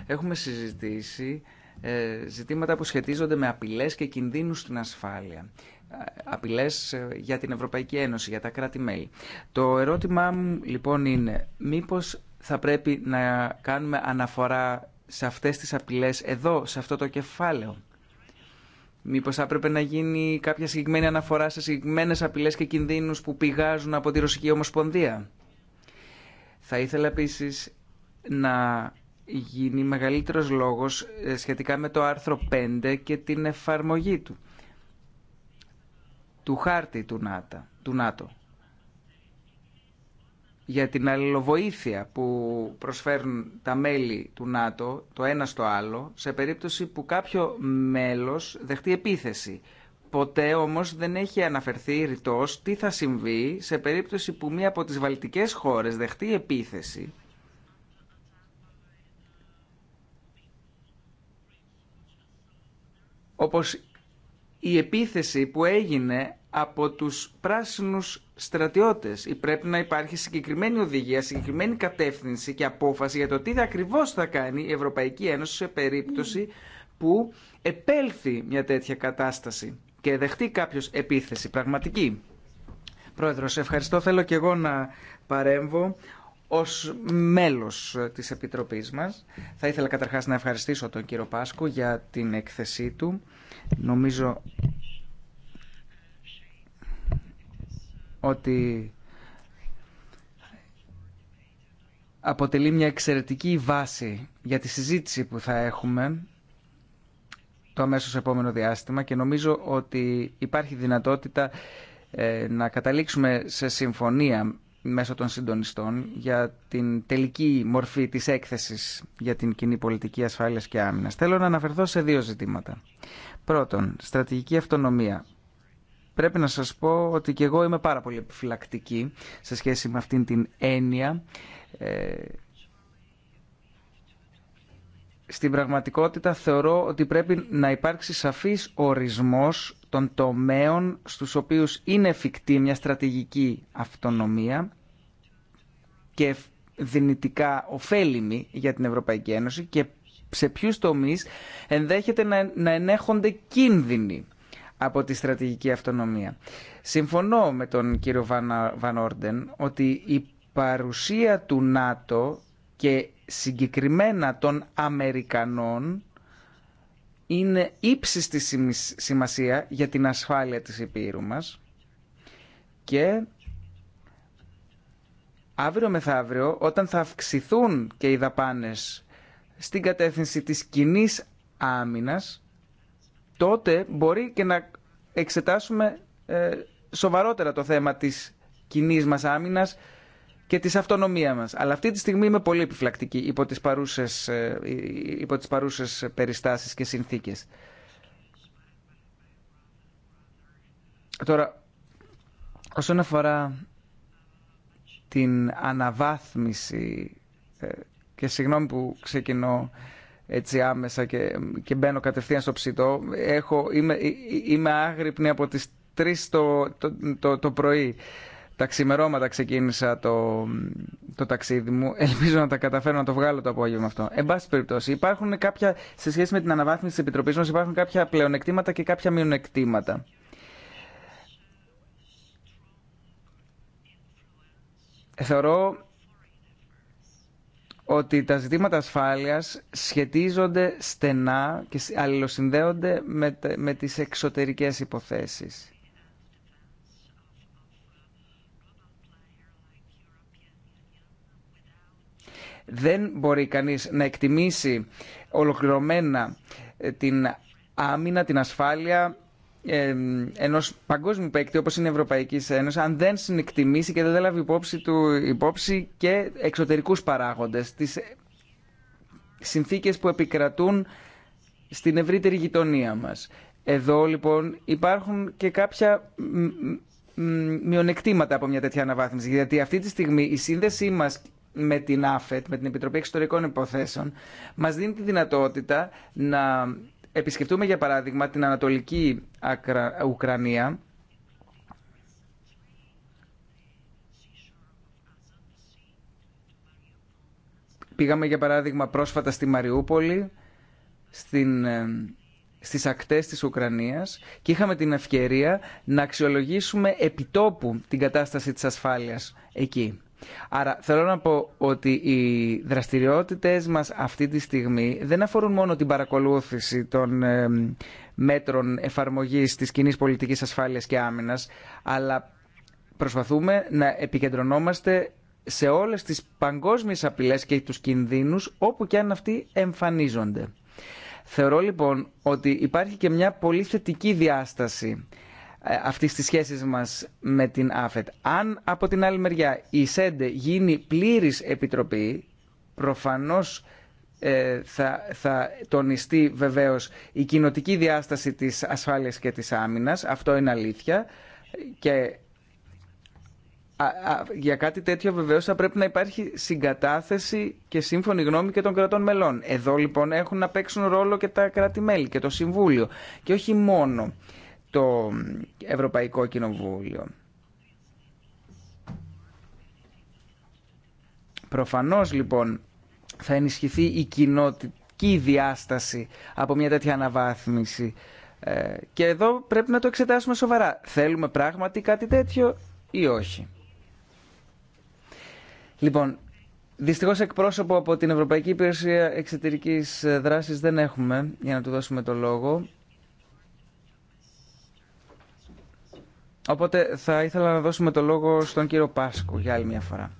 έχουμε συζητήσει ε, ζητήματα που σχετίζονται με απειλές και κινδύνους στην ασφάλεια. Απειλές ε, για την Ευρωπαϊκή Ένωση, για τα κράτη-μέλη. Το ερώτημά μου λοιπόν είναι μήπως θα πρέπει να κάνουμε αναφορά σε αυτές τις απειλές εδώ, σε αυτό το κεφάλαιο. Μήπως θα έπρεπε να γίνει κάποια συγκεκριμένη αναφορά σε συγκεκριμένε απειλές και κινδύνους που πηγάζουν από τη Ρωσική Ομοσπονδία. Θα ήθελα επίσης να γίνει μεγαλύτερος λόγος ε, σχετικά με το άρθρο 5 και την εφαρμογή του, του χάρτη του ΝΑΤΟ για την αλληλοβοήθεια που προσφέρουν τα μέλη του ΝΑΤΟ το ένα στο άλλο σε περίπτωση που κάποιο μέλος δεχτεί επίθεση. Ποτέ όμως δεν έχει αναφερθεί ρητός τι θα συμβεί σε περίπτωση που μία από τις βαλτικές χώρες δεχτεί επίθεση όπως η επίθεση που έγινε από τους πράσινους στρατιώτες. Πρέπει να υπάρχει συγκεκριμένη οδηγία, συγκεκριμένη κατεύθυνση και απόφαση για το τι ακριβώς θα κάνει η Ευρωπαϊκή Ένωση σε περίπτωση που επέλθει μια τέτοια κατάσταση και δεχτεί κάποιος επίθεση πραγματική. σε ευχαριστώ. Θέλω και εγώ να παρέμβω ως μέλος της Επιτροπής μας. Θα ήθελα καταρχάς να ευχαριστήσω τον κύριο Πάσκο για την έκθεσή του Νομίζω ότι αποτελεί μια εξαιρετική βάση για τη συζήτηση που θα έχουμε το αμέσως επόμενο διάστημα και νομίζω ότι υπάρχει δυνατότητα ε, να καταλήξουμε σε συμφωνία μέσω των συντονιστών για την τελική μορφή της έκθεσης για την κοινή πολιτική ασφάλειας και άμυνας. Θέλω να αναφερθώ σε δύο ζητήματα. Πρώτον, στρατηγική αυτονομία. Πρέπει να σας πω ότι και εγώ είμαι πάρα πολύ επιφυλακτική σε σχέση με αυτήν την έννοια. Ε, στην πραγματικότητα θεωρώ ότι πρέπει να υπάρξει σαφής ορισμός των τομέων στους οποίους είναι εφικτή μια στρατηγική αυτονομία και δυνητικά ωφέλιμη για την Ευρωπαϊκή Ένωση και σε ποιους τομείς ενδέχεται να ενέχονται κίνδυνοι από τη στρατηγική αυτονομία. Συμφωνώ με τον κύριο Βαν ότι η παρουσία του ΝΑΤΟ και συγκεκριμένα των Αμερικανών είναι ύψιστη σημασία για την ασφάλεια της Επίρου μας και αύριο μεθαύριο όταν θα αυξηθούν και οι δαπάνες στην κατεύθυνση της κοινή άμυνας τότε μπορεί και να εξετάσουμε ε, σοβαρότερα το θέμα της κοινή μας άμυνας και της αυτονομία μας. Αλλά αυτή τη στιγμή είμαι πολύ επιφυλακτική υπό τις παρούσες, ε, υπό τις παρούσες περιστάσεις και συνθήκες. Τώρα, όσον αφορά την αναβάθμιση ε, και συγγνώμη που ξεκινώ έτσι άμεσα και, και μπαίνω κατευθείαν στο ψητό. Έχω, είμαι, ε, είμαι άγρυπνη από τις 3 το, το, το, το πρωί. Τα ξημερώματα ξεκίνησα το, το ταξίδι μου. Ελπίζω να τα καταφέρω να το βγάλω το απόγευμα αυτό. Εν πάση περιπτώσει, υπάρχουν κάποια, σε σχέση με την αναβάθμιση τη Επιτροπή μα, υπάρχουν κάποια πλεονεκτήματα και κάποια μειονεκτήματα. Θεωρώ ότι τα ζητήματα ασφάλειας σχετίζονται στενά και αλληλοσυνδέονται με, με τις εξωτερικές υποθέσεις. δεν μπορεί κανείς να εκτιμήσει ολοκληρωμένα ε, την άμυνα, την ασφάλεια ενό ενός παγκόσμιου παίκτη όπως είναι η Ευρωπαϊκή Ένωση αν δεν συνεκτιμήσει και δεν λάβει υπόψη, του, υπόψη και εξωτερικούς παράγοντες τις συνθήκες που επικρατούν στην ευρύτερη γειτονία μας. Εδώ λοιπόν υπάρχουν και κάποια μειονεκτήματα από μια τέτοια αναβάθμιση γιατί αυτή τη στιγμή η σύνδεσή μας με την ΑΦΕΤ, με την Επιτροπή Εξωτερικών Υποθέσεων, μας δίνει τη δυνατότητα να επισκεφτούμε για παράδειγμα την Ανατολική Ουκρανία Πήγαμε για παράδειγμα πρόσφατα στη Μαριούπολη, στην, ε, στις ακτές της Ουκρανίας και είχαμε την ευκαιρία να αξιολογήσουμε επιτόπου την κατάσταση της ασφάλειας εκεί. Άρα θέλω να πω ότι οι δραστηριότητες μας αυτή τη στιγμή δεν αφορούν μόνο την παρακολούθηση των ε, μέτρων εφαρμογής της κοινή πολιτικής ασφάλειας και άμυνας, αλλά προσπαθούμε να επικεντρωνόμαστε σε όλες τις παγκόσμιες απειλές και τους κινδύνους όπου και αν αυτοί εμφανίζονται. Θεωρώ λοιπόν ότι υπάρχει και μια πολύ θετική διάσταση ε, Αυτή τη σχέση μας με την ΑΦΕΤ. Αν από την άλλη μεριά η ΣΕΝΤΕ γίνει πλήρης επιτροπή, προφανώς ε, θα, θα τονιστεί βεβαίω η κοινοτική διάσταση της ασφάλειας και της άμυνας. Αυτό είναι αλήθεια. Και για κάτι τέτοιο βεβαίω θα πρέπει να υπάρχει συγκατάθεση και σύμφωνη γνώμη και των κρατών μελών. Εδώ λοιπόν έχουν να παίξουν ρόλο και τα κράτη-μέλη και το Συμβούλιο. Και όχι μόνο το Ευρωπαϊκό Κοινοβούλιο. Προφανώς λοιπόν θα ενισχυθεί η κοινωτική διάσταση από μια τέτοια αναβάθμιση ε, και εδώ πρέπει να το εξετάσουμε σοβαρά. Θέλουμε πράγματι κάτι τέτοιο ή όχι. Λοιπόν, δυστυχώς εκπρόσωπο από την Ευρωπαϊκή Υπηρεσία Εξωτερικής Δράσης δεν έχουμε για να του δώσουμε το λόγο. Οπότε θα ήθελα να δώσουμε το λόγο στον κύριο Πάσκο για άλλη μια φορά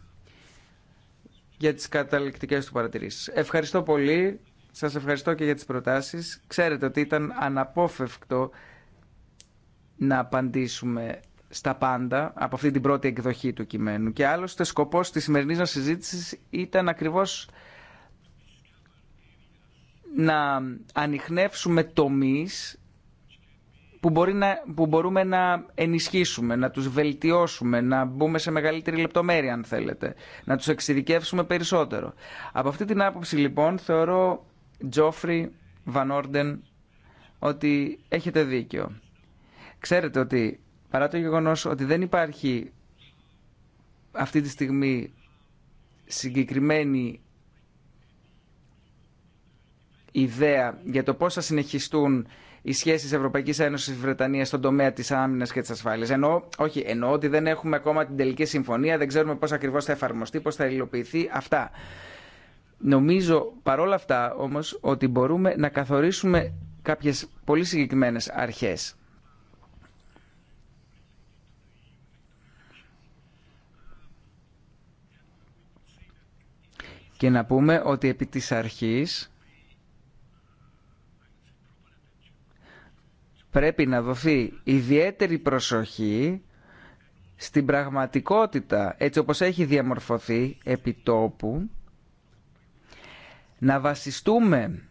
για τις καταληκτικές του παρατηρήσεις. Ευχαριστώ πολύ. Σας ευχαριστώ και για τις προτάσεις. Ξέρετε ότι ήταν αναπόφευκτο να απαντήσουμε στα πάντα από αυτή την πρώτη εκδοχή του κειμένου. Και άλλωστε σκοπός της σημερινής μας συζήτησης ήταν ακριβώς να ανοιχνεύσουμε τομείς που, να, που μπορούμε να ενισχύσουμε, να τους βελτιώσουμε, να μπούμε σε μεγαλύτερη λεπτομέρεια αν θέλετε, να τους εξειδικεύσουμε περισσότερο. Από αυτή την άποψη λοιπόν θεωρώ Τζόφρι Βαν Όρντεν ότι έχετε δίκιο. Ξέρετε ότι παρά το γεγονός ότι δεν υπάρχει αυτή τη στιγμή συγκεκριμένη ιδέα για το πώς θα συνεχιστούν οι σχέσει Ευρωπαϊκή Ένωση Βρετανία στον τομέα τη άμυνα και τη ασφάλεια. Ενώ, όχι, εννοώ ότι δεν έχουμε ακόμα την τελική συμφωνία, δεν ξέρουμε πώ ακριβώ θα εφαρμοστεί, πώ θα υλοποιηθεί αυτά. Νομίζω παρόλα αυτά όμω ότι μπορούμε να καθορίσουμε κάποιε πολύ συγκεκριμένε αρχέ. Και να πούμε ότι επί της αρχής πρέπει να δοθεί ιδιαίτερη προσοχή στην πραγματικότητα έτσι όπως έχει διαμορφωθεί επί τόπου, να βασιστούμε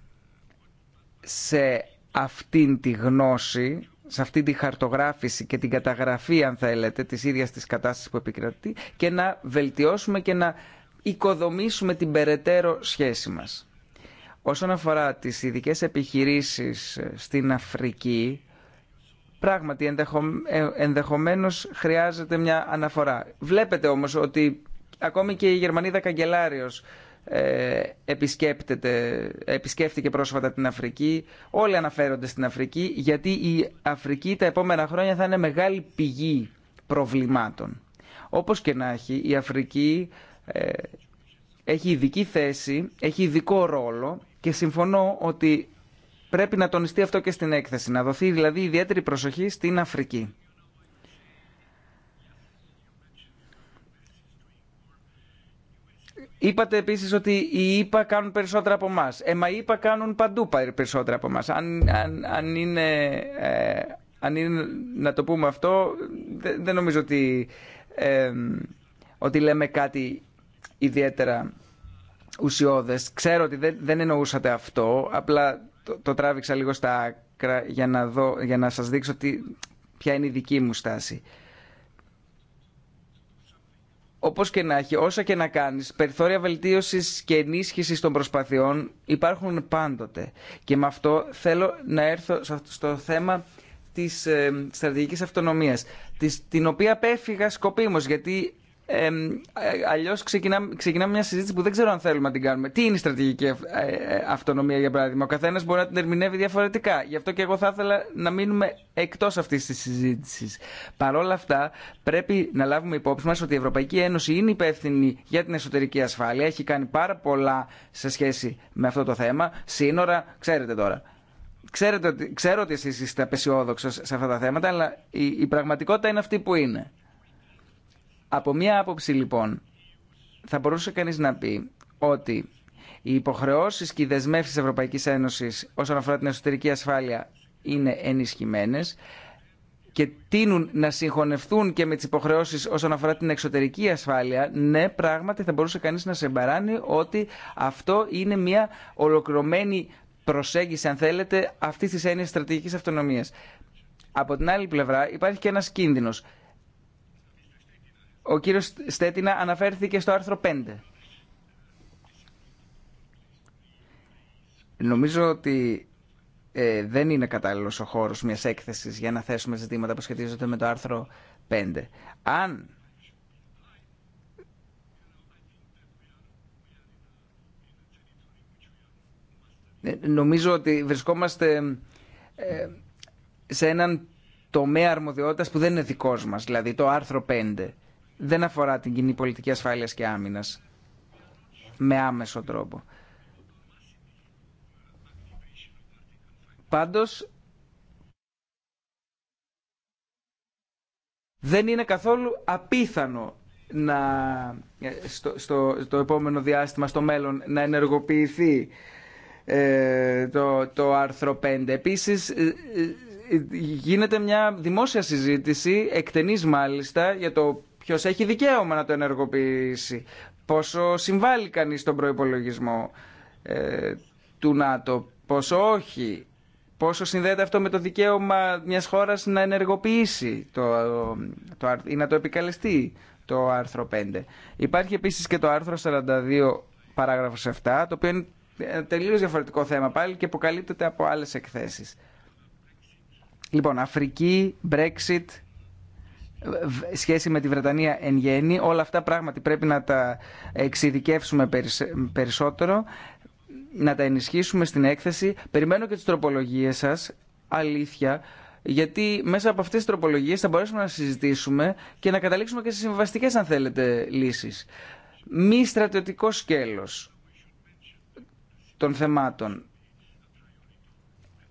σε αυτήν τη γνώση, σε αυτή τη χαρτογράφηση και την καταγραφή, αν θέλετε, της ίδιας της κατάστασης που επικρατεί και να βελτιώσουμε και να οικοδομήσουμε την περαιτέρω σχέση μας. Όσον αφορά τις ειδικέ επιχειρήσεις στην Αφρική, Πράγματι, ε, ενδεχομένως χρειάζεται μια αναφορά. Βλέπετε όμως ότι ακόμη και η Γερμανίδα Καγκελάριος ε, επισκέπτεται, επισκέφτηκε πρόσφατα την Αφρική. Όλοι αναφέρονται στην Αφρική, γιατί η Αφρική τα επόμενα χρόνια θα είναι μεγάλη πηγή προβλημάτων. Όπως και να έχει, η Αφρική ε, έχει ειδική θέση, έχει ειδικό ρόλο και συμφωνώ ότι Πρέπει να τονιστεί αυτό και στην έκθεση, να δοθεί δηλαδή ιδιαίτερη προσοχή στην Αφρική. Είπατε επίση ότι οι ΙΠΑ κάνουν περισσότερα από εμά. Ε, μα οι ΙΠΑ κάνουν παντού περισσότερα από εμά. Αν, αν, αν, είναι, ε, αν είναι να το πούμε αυτό, δεν, νομίζω ότι, ότι λέμε κάτι ιδιαίτερα ουσιώδες. Ξέρω ότι δεν, δεν εννοούσατε αυτό, απλά το, το τράβηξα λίγο στα άκρα για να, δω, για να σας δείξω τι, ποια είναι η δική μου στάση. Όπω και να έχει, όσα και να κάνει, περιθώρια βελτίωση και ενίσχυση των προσπαθειών υπάρχουν πάντοτε. Και με αυτό θέλω να έρθω στο θέμα τη ε, στρατηγική αυτονομία, την οποία απέφυγα σκοπίμω, γιατί ε, Αλλιώ ξεκινάμε, μια συζήτηση που δεν ξέρω αν θέλουμε να την κάνουμε. Τι είναι η στρατηγική ε, ε, αυτονομία, για παράδειγμα. Ο καθένα μπορεί να την ερμηνεύει διαφορετικά. Γι' αυτό και εγώ θα ήθελα να μείνουμε εκτό αυτή τη συζήτηση. Παρ' όλα αυτά, πρέπει να λάβουμε υπόψη μα ότι η Ευρωπαϊκή Ένωση είναι υπεύθυνη για την εσωτερική ασφάλεια. Έχει κάνει πάρα πολλά σε σχέση με αυτό το θέμα. Σύνορα, ξέρετε τώρα. Ξέρετε, ξέρω ότι εσεί είστε απεσιόδοξο σε αυτά τα θέματα, αλλά η πραγματικότητα είναι αυτή που είναι. Από μία άποψη λοιπόν θα μπορούσε κανείς να πει ότι οι υποχρεώσεις και οι δεσμεύσεις της Ευρωπαϊκής Ένωσης όσον αφορά την εσωτερική ασφάλεια είναι ενισχυμένες και τείνουν να συγχωνευτούν και με τις υποχρεώσεις όσον αφορά την εξωτερική ασφάλεια, ναι, πράγματι θα μπορούσε κανείς να εμπαράνει ότι αυτό είναι μια ολοκληρωμένη προσέγγιση, αν θέλετε, αυτή τη έννοια στρατηγικής αυτονομίας. Από την άλλη πλευρά υπάρχει και ένα κίνδυνο. Ο κύριος Στέτινα αναφέρθηκε στο άρθρο 5. Νομίζω ότι ε, δεν είναι κατάλληλος ο χώρος μιας έκθεσης για να θέσουμε ζητήματα που σχετίζονται με το άρθρο 5. Αν ε, νομίζω ότι βρισκόμαστε ε, σε έναν τομέα αρμοδιότητας που δεν είναι δικός μας, δηλαδή το άρθρο 5 δεν αφορά την κοινή πολιτική ασφάλειας και άμυνας με άμεσο τρόπο. Πάντως, δεν είναι καθόλου απίθανο να, ε, στο, στο, επόμενο διάστημα, στο μέλλον, να ενεργοποιηθεί ε, το, το άρθρο 5. Επίσης, ε, γίνεται μια δημόσια συζήτηση, εκτενής μάλιστα, για το Ποιο έχει δικαίωμα να το ενεργοποιήσει. Πόσο συμβάλλει κανεί στον προπολογισμό ε, του ΝΑΤΟ. Πόσο όχι. Πόσο συνδέεται αυτό με το δικαίωμα μια χώρα να ενεργοποιήσει το, το, ή να το επικαλεστεί το άρθρο 5. Υπάρχει επίση και το άρθρο 42 παράγραφο 7, το οποίο είναι ε, τελείω διαφορετικό θέμα πάλι και αποκαλύπτεται από άλλε εκθέσει. Λοιπόν, Αφρική, Brexit, σχέση με τη Βρετανία εν γέννη. Όλα αυτά πράγματι πρέπει να τα εξειδικεύσουμε περισσότερο, να τα ενισχύσουμε στην έκθεση. Περιμένω και τις τροπολογίες σας, αλήθεια, γιατί μέσα από αυτές τις τροπολογίες θα μπορέσουμε να συζητήσουμε και να καταλήξουμε και σε συμβαστικές, αν θέλετε, λύσεις. Μη στρατιωτικό σκέλος των θεμάτων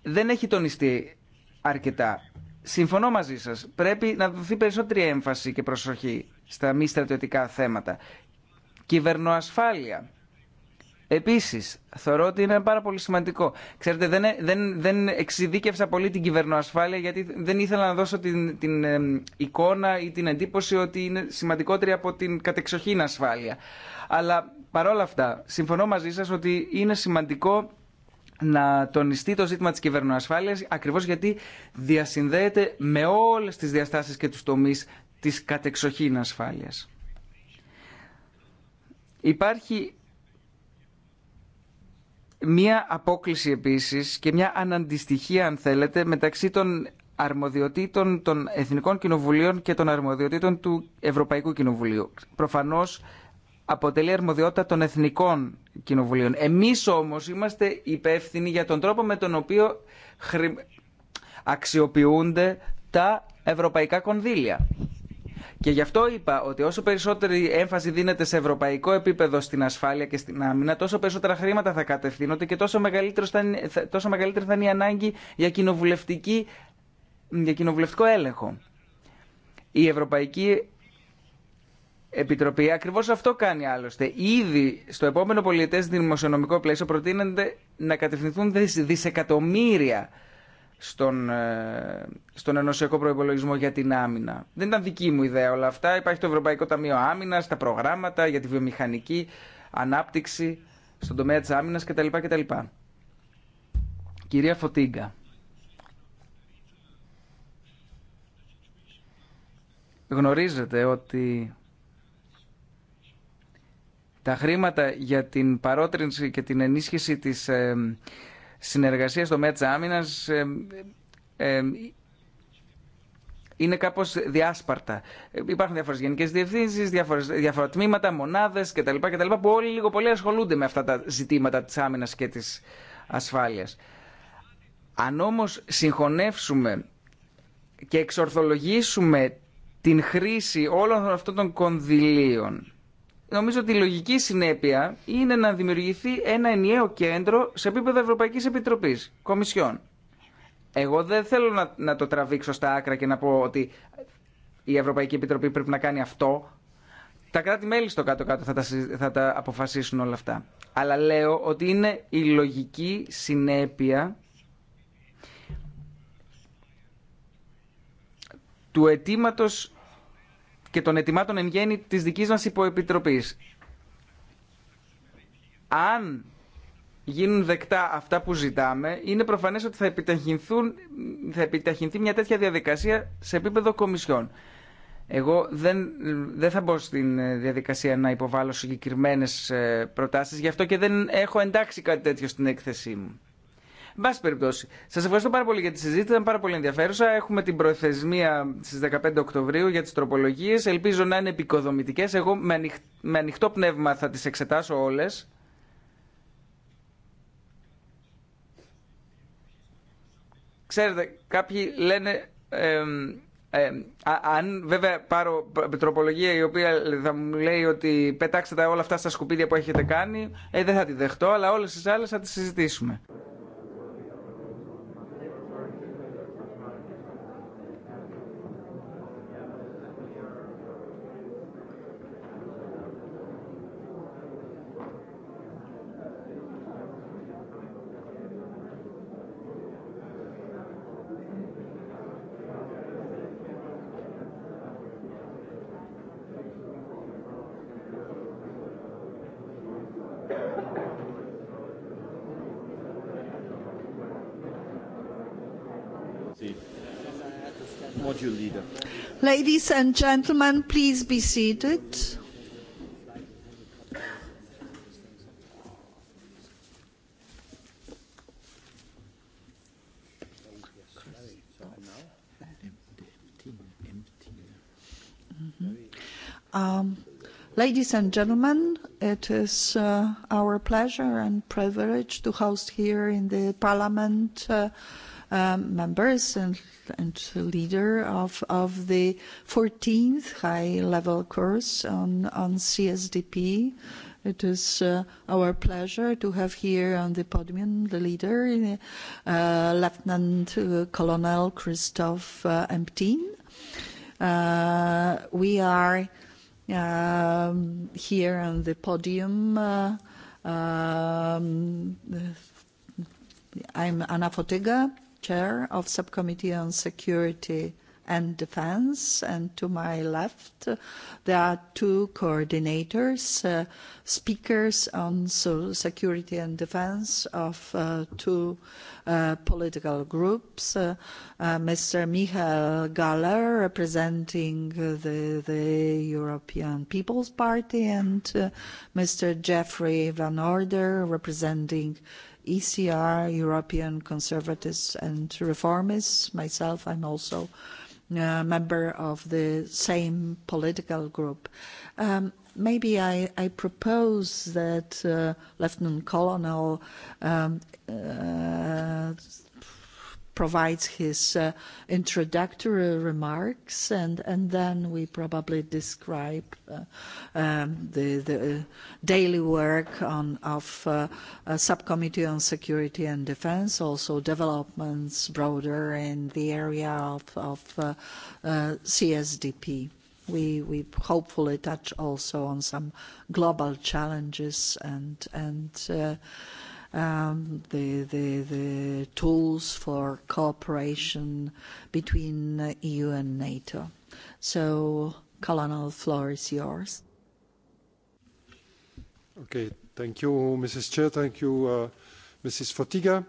δεν έχει τονιστεί αρκετά. Συμφωνώ μαζί σας. Πρέπει να δοθεί περισσότερη έμφαση και προσοχή στα μη στρατιωτικά θέματα. Κυβερνοασφάλεια. Επίσης, θεωρώ ότι είναι πάρα πολύ σημαντικό. Ξέρετε, δεν, δεν, δεν εξειδίκευσα πολύ την κυβερνοασφάλεια γιατί δεν ήθελα να δώσω την, την εικόνα ή την εντύπωση ότι είναι σημαντικότερη από την κατεξοχήν ασφάλεια. Αλλά παρόλα αυτά, συμφωνώ μαζί σα ότι είναι σημαντικό να τονιστεί το ζήτημα της κυβερνοασφάλειας ακριβώς γιατί διασυνδέεται με όλες τις διαστάσεις και τους τομείς της κατεξοχήν ασφάλειας. Υπάρχει μία απόκληση επίσης και μία αναντιστοιχία αν θέλετε μεταξύ των αρμοδιοτήτων των Εθνικών Κοινοβουλίων και των αρμοδιοτήτων του Ευρωπαϊκού Κοινοβουλίου. Προφανώς αποτελεί αρμοδιότητα των εθνικών κοινοβουλίων. Εμείς όμως είμαστε υπεύθυνοι για τον τρόπο με τον οποίο αξιοποιούνται τα ευρωπαϊκά κονδύλια. Και γι' αυτό είπα ότι όσο περισσότερη έμφαση δίνεται σε ευρωπαϊκό επίπεδο στην ασφάλεια και στην άμυνα, τόσο περισσότερα χρήματα θα κατευθύνονται και τόσο, είναι, τόσο μεγαλύτερη θα είναι η ανάγκη για, για κοινοβουλευτικό έλεγχο. Η Ευρωπαϊκή Επιτροπή. Ακριβώς αυτό κάνει άλλωστε. Ήδη στο επόμενο την δημοσιονομικό πλαίσιο προτείνεται να κατευθυνθούν δισεκατομμύρια στον, ε, στον ενωσιακό προπολογισμό για την άμυνα. Δεν ήταν δική μου ιδέα όλα αυτά. Υπάρχει το Ευρωπαϊκό Ταμείο Άμυνα, τα προγράμματα για τη βιομηχανική ανάπτυξη στον τομέα της άμυνας κτλ. Κυρία Φωτίγκα. Γνωρίζετε ότι τα χρήματα για την παρότρινση και την ενίσχυση της ε, συνεργασίας στο ΜΕΤΣ Άμυνας ε, ε, είναι κάπως διάσπαρτα. Υπάρχουν διάφορε γενικέ διευθύνσει, διάφορα τμήματα, μονάδε κτλ, κτλ. που όλοι λίγο πολύ ασχολούνται με αυτά τα ζητήματα της άμυνα και της ασφάλειας. Αν όμως συγχωνεύσουμε και εξορθολογήσουμε την χρήση όλων αυτών των κονδυλίων νομίζω ότι η λογική συνέπεια είναι να δημιουργηθεί ένα ενιαίο κέντρο σε επίπεδο Ευρωπαϊκής Επιτροπής, Κομισιόν. Εγώ δεν θέλω να, να το τραβήξω στα άκρα και να πω ότι η Ευρωπαϊκή Επιτροπή πρέπει να κάνει αυτό. Τα κράτη-μέλη στο κάτω-κάτω θα τα, θα τα αποφασίσουν όλα αυτά. Αλλά λέω ότι είναι η λογική συνέπεια του αιτήματο και των ετοιμάτων εν γέννη της δικής μας υποεπιτροπής. Αν γίνουν δεκτά αυτά που ζητάμε, είναι προφανές ότι θα, επιταχυνθούν, θα επιταχυνθεί μια τέτοια διαδικασία σε επίπεδο κομισιών. Εγώ δεν, δεν θα μπω στην ε, διαδικασία να υποβάλω συγκεκριμένες ε, προτάσεις, γι' αυτό και δεν έχω εντάξει κάτι τέτοιο στην έκθεσή μου. Εν περιπτώσει, σα ευχαριστώ πάρα πολύ για τη συζήτηση. Ήταν πάρα πολύ ενδιαφέρουσα. Έχουμε την προθεσμία στι 15 Οκτωβρίου για τι τροπολογίε. Ελπίζω να είναι επικοδομητικέ. Εγώ με, ανοιχ... ανοιχτό πνεύμα θα τι εξετάσω όλε. Ξέρετε, κάποιοι λένε. αν βέβαια πάρω τροπολογία η οποία θα μου λέει ότι πετάξτε όλα αυτά στα σκουπίδια που έχετε κάνει, ε, δεν θα τη δεχτώ, αλλά όλες τις άλλες θα τις συζητήσουμε. Ladies and gentlemen, please be seated. Ladies and gentlemen, it is our pleasure and privilege to host here in the Parliament members and leader of the 14th high-level course on CSDP. It is our pleasure to have here on the podium the leader, Lieutenant Colonel Christoph Emptin. We are here on the podium. I'm Anna Fotega chair of subcommittee on security and Defence, and to my left there are two coordinators speakers on security and Defence of two political groups mr michael galler representing the european people's party and mr jeffrey van order representing ECR, European Conservatives and Reformists. Myself, I'm also a member of the same political group. Maybe I propose that Lieutenant Colonel provides his introductory remarks and then we probably describe the daily work of a subcommittee on security and defence, also developments broader in the area of CSDP. We hopefully touch also on some global challenges and the tools for cooperation between EU and NATO. So, Colonel, the floor is yours. Okay, thank you, Mrs. Chair. Thank you, Mrs. Fotiga,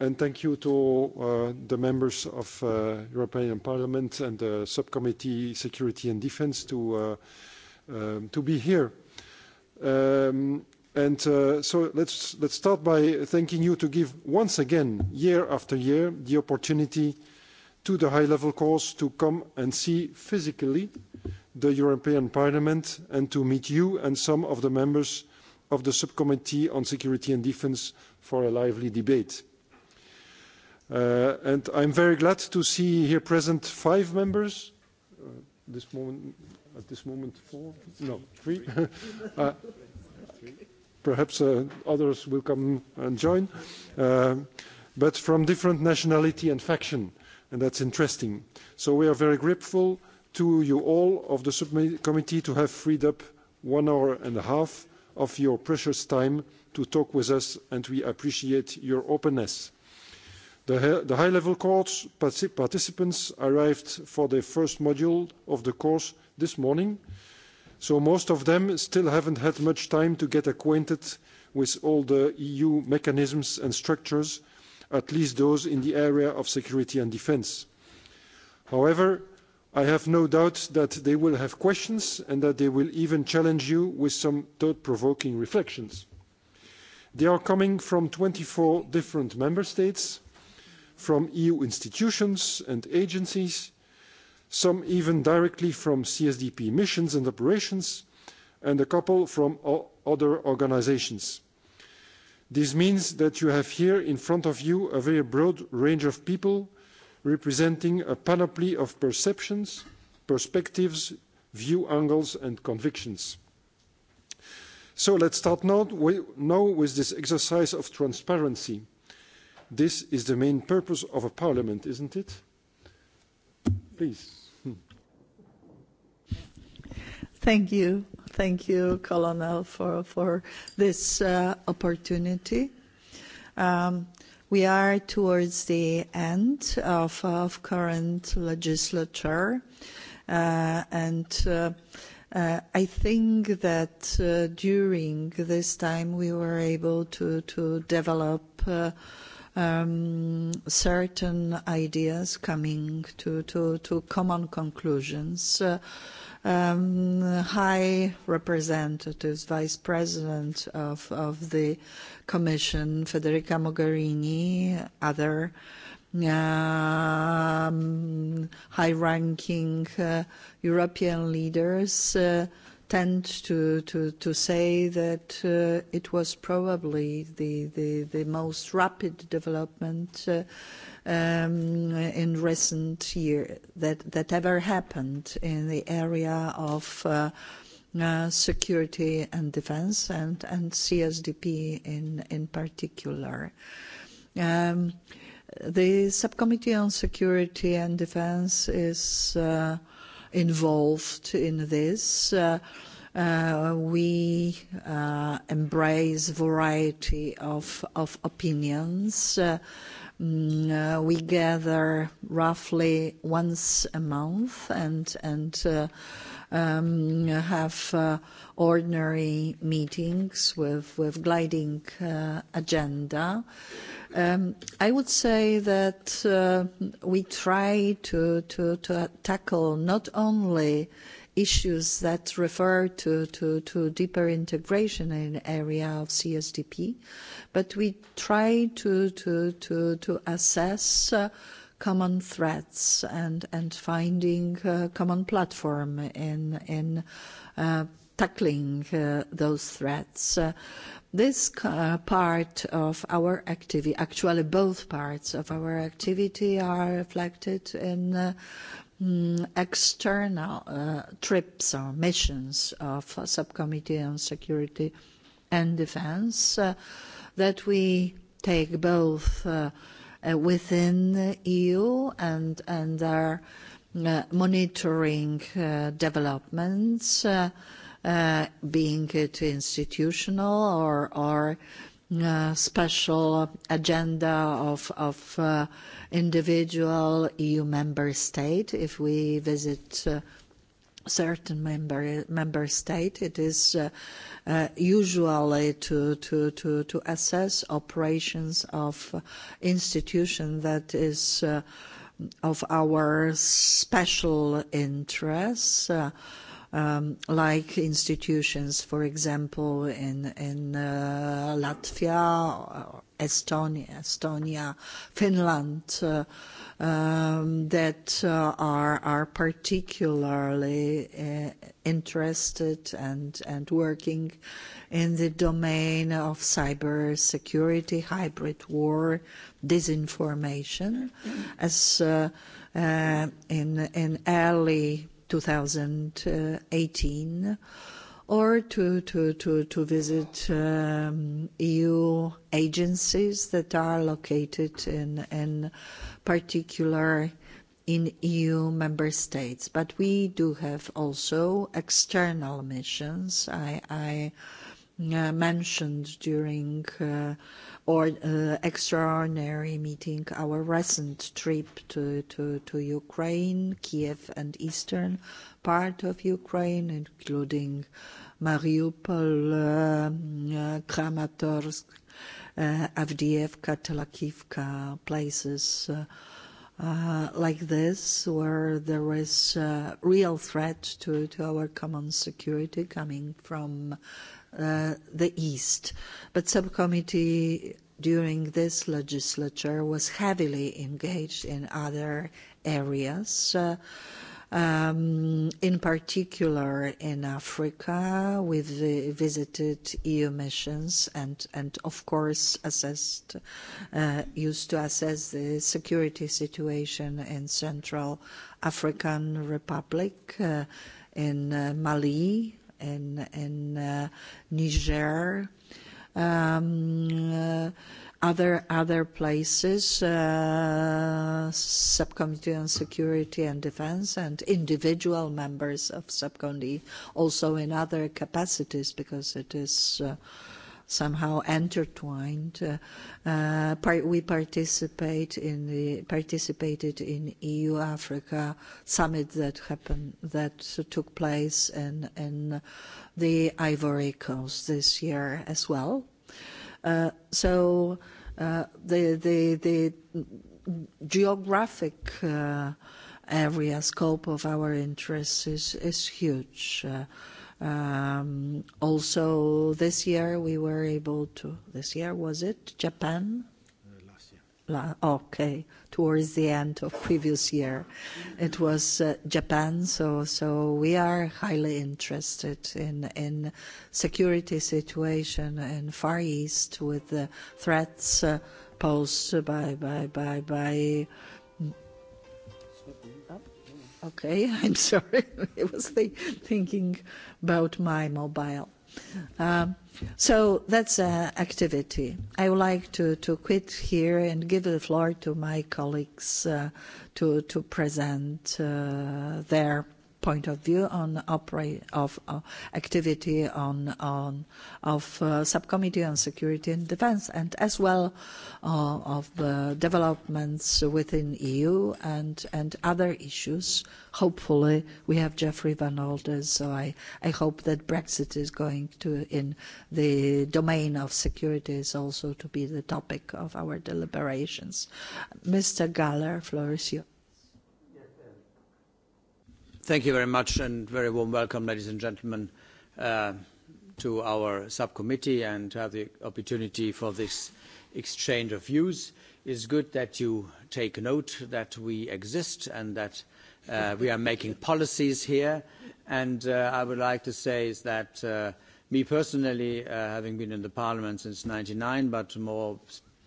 and thank you to the members of European Parliament and the Subcommittee Security and Defence to to be here. And so let's let's start by thanking you to give once again, year after year, the opportunity to the high-level course to come and see physically the European Parliament and to meet you and some of the members of the Subcommittee on Security and Defence for a lively debate. And I'm very glad to see here present five members. This moment, at this moment, four? No, three perhaps others will come and join, but from different nationality and faction, and that's interesting. So we are very grateful to you all of the subcommittee to have freed up one hour and a half of your precious time to talk with us, and we appreciate your openness. The high-level course participants arrived for the first module of the course this morning so most of them still haven't had much time to get acquainted with all the eu mechanisms and structures at least those in the area of security and defence. however i have no doubt that they will have questions and that they will even challenge you with some thought provoking reflections. they are coming from twenty four different member states from eu institutions and agencies some even directly from CSDP missions and operations, and a couple from other organisations. This means that you have here in front of you a very broad range of people representing a panoply of perceptions, perspectives, view angles and convictions. So let's start now with this exercise of transparency. This is the main purpose of a parliament, isn't it? Please. Thank you. Thank you, Colonel, for, for this opportunity. Um we are towards the end of, of current legislature, and I think that during this time we were able to, to develop um certain ideas coming to, to, to common conclusions High Representatives, Vice President of the Commission, Federica Mogherini, other high-ranking European leaders tend to say that it was probably the most rapid development in recent years that ever happened in the area of security and defense and CSDP in particular. The Subcommittee on Security and Defense is involved in this. We embrace a variety of opinions. We gather roughly once a month and and have ordinary meetings with with gliding agenda. I would say that we try to to to tackle not only issues that refer to to deeper integration in the area of CSDP, but we try to to to to assess common threats and and finding a common platform in in tackling those threats. This part of our activity, actually both parts of our activity are reflected in external trips or missions of Subcommittee on Security and Defence that we take both within the EU and and are monitoring developments, being it institutional or or special agenda of individual EU member state. If we visit certain member state, it is usually to assess operations of institution that is of our special interest like institutions, for example, in in Latvia, Estonia, Estonia, Finland, that are are particularly interested and and working in the domain of cyber security, hybrid war, disinformation, as in in early 2018 or to to to to visit EU agencies that are located in in particular in EU member states. But we do have also external missions. I mentioned during or extraordinary meeting, our recent trip to to to Ukraine, Kiev and eastern part of Ukraine, including Mariupol, Kramatorsk, Avdiivka, Telakivka, places like this where there is real threat to to our common security coming from the East. But subcommittee during this legislature was heavily engaged in other areas, in particular in Africa. We visited EU missions and, of course, assessed, used to assess the security situation in Central African Republic, in Mali in Niger, other other places, subcommittee on security and defense, and individual members of subcommittee also in other capacities because it is somehow intertwined. We participate in the participated in EU Africa summit that happened that took place in in the Ivory Coast this year as well. So the the the geographic area scope of our interests is is huge. Also this year we were able to, this year was it, Japan? Last year. Okay, towards the end of previous year, it was Japan. So, so we are highly interested in in security situation in Far East with the threats posed by by by by Okay, I'm sorry. It was thinking about my mobile. So that's an activity. I would like to to quit here and give the floor to my colleagues to to present their point of view on of activity on on of subcommittee on security and defence and as well of the developments within EU and and other issues. Hopefully we have Jeffrey Van Alder, so I I hope that Brexit is going to in the domain of security is also to be the topic of our deliberations. Mr Galler, floor is yours Thank you very much and very warm welcome, ladies and gentlemen, to our subcommittee and to have the opportunity for this exchange of views. is good that you take note that we exist and that we are making policies here. And I would like to say is that me personally, having been in the Parliament since 1999, but more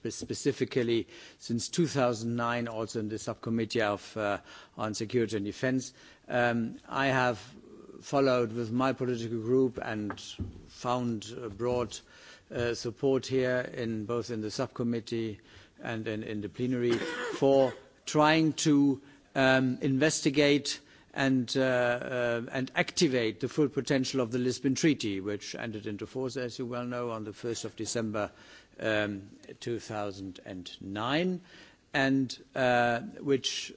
specifically since 2009, also in the subcommittee on security and defence, I have followed with my political group and found broad support here in both in the subcommittee and in the plenary for trying to investigate and activate the full potential of the Lisbon Treaty, which entered into force, as you well know, on the 1st of December 2009 and which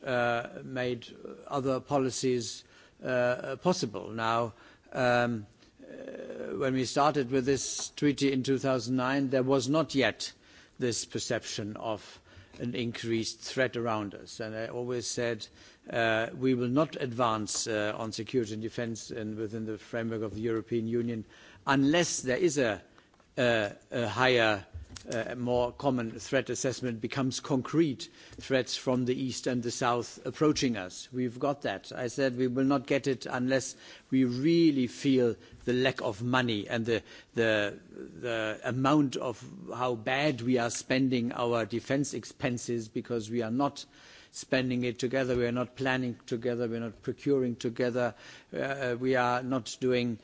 made other policies possible. Now, when we started with this treaty in 2009, there was not yet this perception of an increased threat around us. And I always said we will not advance on security and defence within the framework of the European Union unless there is a higher more common threat assessment becomes concrete threats from the east and the south approaching us. We've got that. I said we will not get it unless we really feel the lack of money and the amount of how bad we are spending our defence expenses because we are not spending it together, we are not planning together, we are not procuring together, we are not doing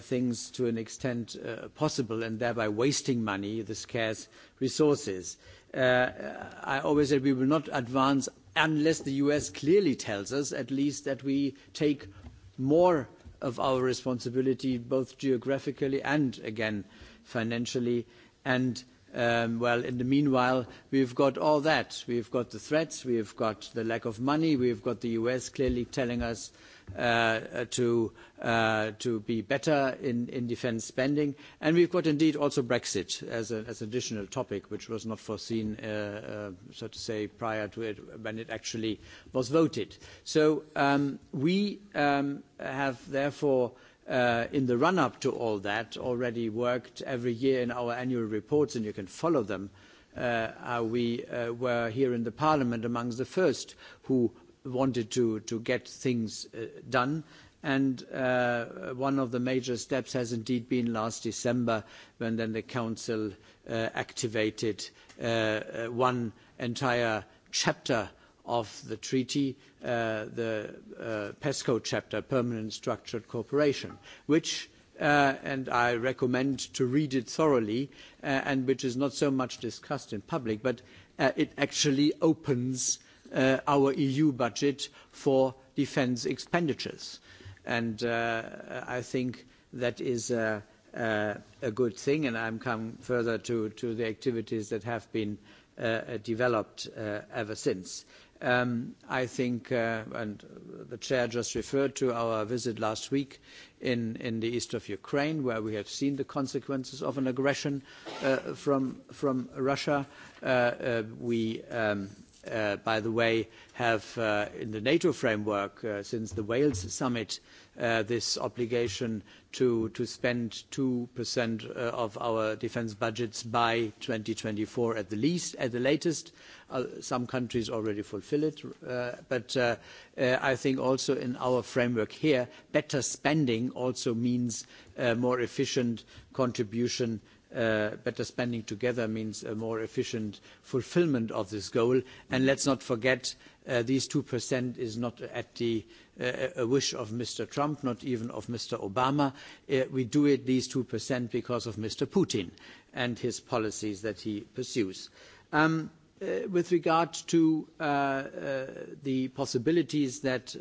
things to an extent possible and thereby wasting money, the scarce resources. I always say we will not advance unless the US clearly tells us at least that we take more of our responsibility both geographically and again financially and well in the meanwhile we've got all that. We've got the threats, we've got the lack of money, we've got the US clearly telling us to to be better in in defence spending and we've got indeed also brexit as an additional topic which was not foreseen so to say prior to it when it actually was voted so we have therefore in the run up to all that already worked every year in our annual reports and you can follow them we were here in the parliament amongst the first who wanted to to get things done and one of the major steps has indeed been last December when then the council activated one entire chapter of the treaty the PESCO chapter permanent structured cooperation which and I recommend to read it thoroughly and which is not so much discussed in public but it actually opens our EU budget for defence expenditures. And I think that is a good thing, and I'm coming further to the activities that have been developed ever since. I think, and the Chair just referred to our visit last week in the east of Ukraine, where we have seen the consequences of an aggression from Russia. We by the way, have in the NATO framework, since the Wales summit, this obligation to spend 2% of our defence budgets by 2024 at the least, at the latest. Some countries already fulfil it, but I think also in our framework here, better spending also means more efficient contribution better spending together means a more efficient fulfillment of this goal. And let's not forget, these 2% is not at the wish of Mr. Trump, not even of Mr. Obama. We do it, these 2%, because of Mr. Putin and his policies that he pursues. With regard to the possibilities that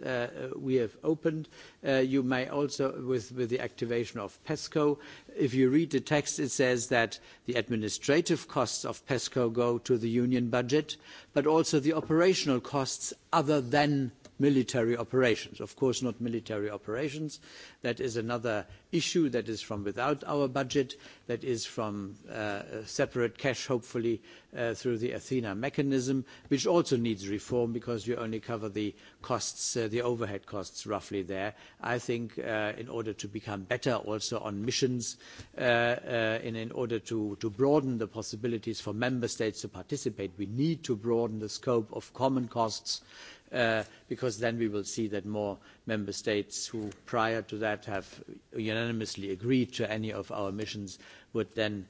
we have opened, you may also, with the activation of PESCO, if you read the text, it says that the administrative costs of PESCO go to the union budget, but also the operational costs other than military operations. Of course, not military operations. That is another issue that is from without our budget, that is from separate cash, hopefully, through the Athena mechanism, which also needs reform because you only cover the costs, the overhead costs roughly there. I think in order to become better also on missions and in order to broaden the possibilities for member states to participate, we need to broaden the scope of common costs because then we will see that more member states who prior to that have unanimously agreed to any of our missions would then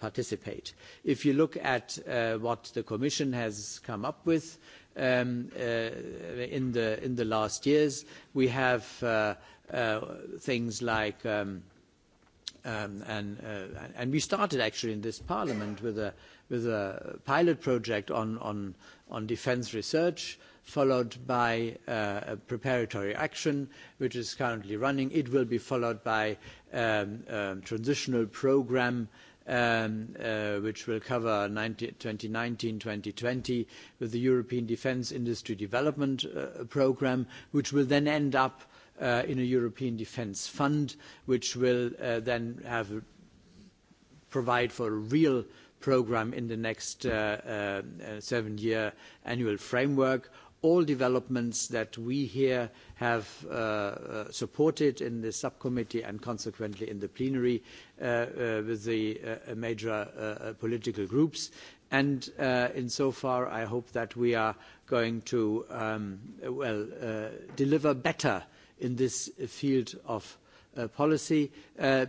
participate. If you look at what the Commission has come up with in the in the last years, we have things like and we started actually in this Parliament with a with a pilot project on on on defence research, followed by a preparatory action, which is currently running. It will be followed by a transitional programme which will cover 2019-2020 with the European Defence Industry Development Programme, which will then end up in a European Defence Fund, which will then provide for real program in the next seven-year annual framework. All developments that we here have supported in the subcommittee and consequently in the plenary with the major political groups. And in so far I hope that we are going to, well, deliver better in this field of policy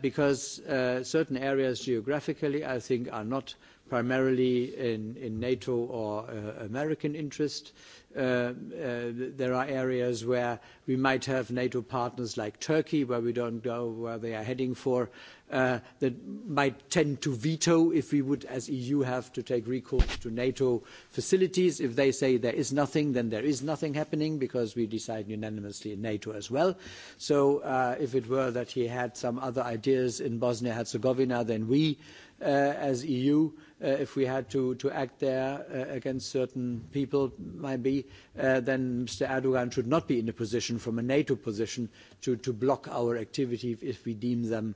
because certain areas geographically, I think, are not primarily in NATO or American interest. There are areas where we might have NATO partners like Turkey, where we don't know where they are heading for, that might tend to veto if we would, as EU, have to take recourse to NATO facilities. If they say there is nothing, then there is nothing happening because we decide unanimously in NATO as well. So if it were that he had some other ideas in Bosnia-Herzegovina then we, as EU, if we had to act there against certain people, might be, then Mr. Erdogan should not be in a position, from a NATO position, to block our activity if we deem them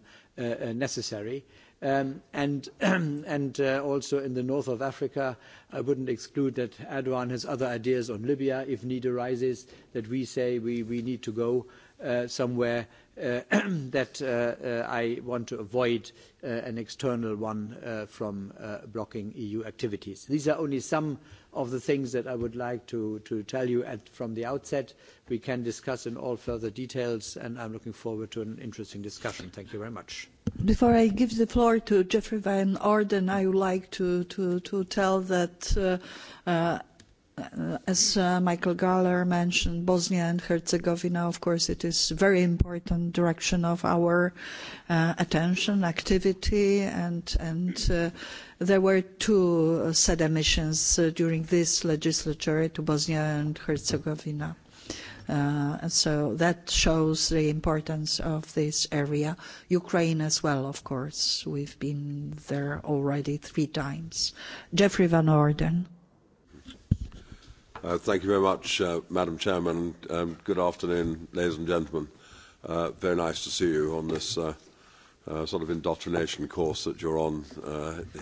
necessary. And also in the north of Africa, I wouldn't exclude that Erdogan has other ideas on Libya, if need arises, that we say we need to go somewhere that I want to avoid an external one from blocking EU activities. These are only some of the things that I would like to tell you from the outset. We can discuss in all further details, and I'm looking forward to an interesting discussion. Thank you very much. Before I give the floor to Jeffrey Van Orden, I would like to tell that As Michael Galler mentioned, Bosnia and Herzegovina, of course, it is very important direction of our attention, activity, and there were two SEDA missions during this legislature to Bosnia and Herzegovina. So that shows the importance of this area. Ukraine as well, of course. We've been there already three times. Jeffrey Van Orden. Thank you very much, Madam Chairman. Good afternoon, ladies and gentlemen. Very nice to see you on this sort of indoctrination course that you're on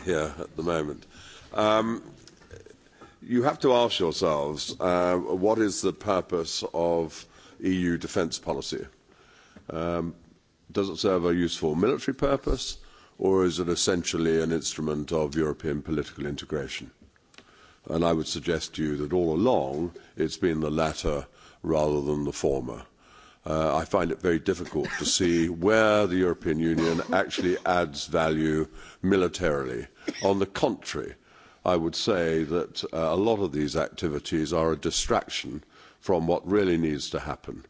here at the moment. You have to ask yourselves, what is the purpose of EU defence policy? Does it serve a useful military purpose, or is it essentially an instrument of European political integration? And I would suggest to you that all along it's been the latter rather than the former. I find it very difficult to see where the European Union actually adds value militarily. On the contrary, I would say that a lot of these activities are a distraction from what really needs to happen.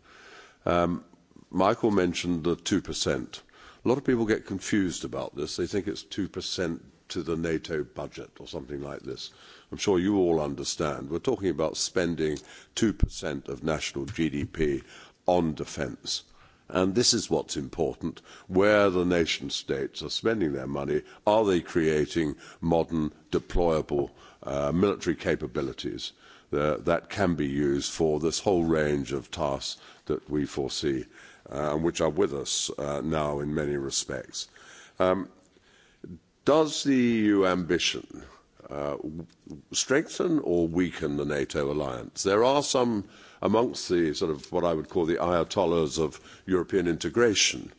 Michael mentioned the 2%. A lot of people get confused about this. They think it's 2% to the NATO budget or something like this. I'm sure you all understand. We're talking about spending 2% of national GDP on defence. And this is what's important. Where the nation states are spending their money, are they creating modern, deployable military capabilities that can be used for this whole range of tasks that we foresee, and which are with us now in many respects? Does the EU ambition strengthen or weaken the NATO alliance. There are some amongst the sort of what I would call the ayatollahs of European integration.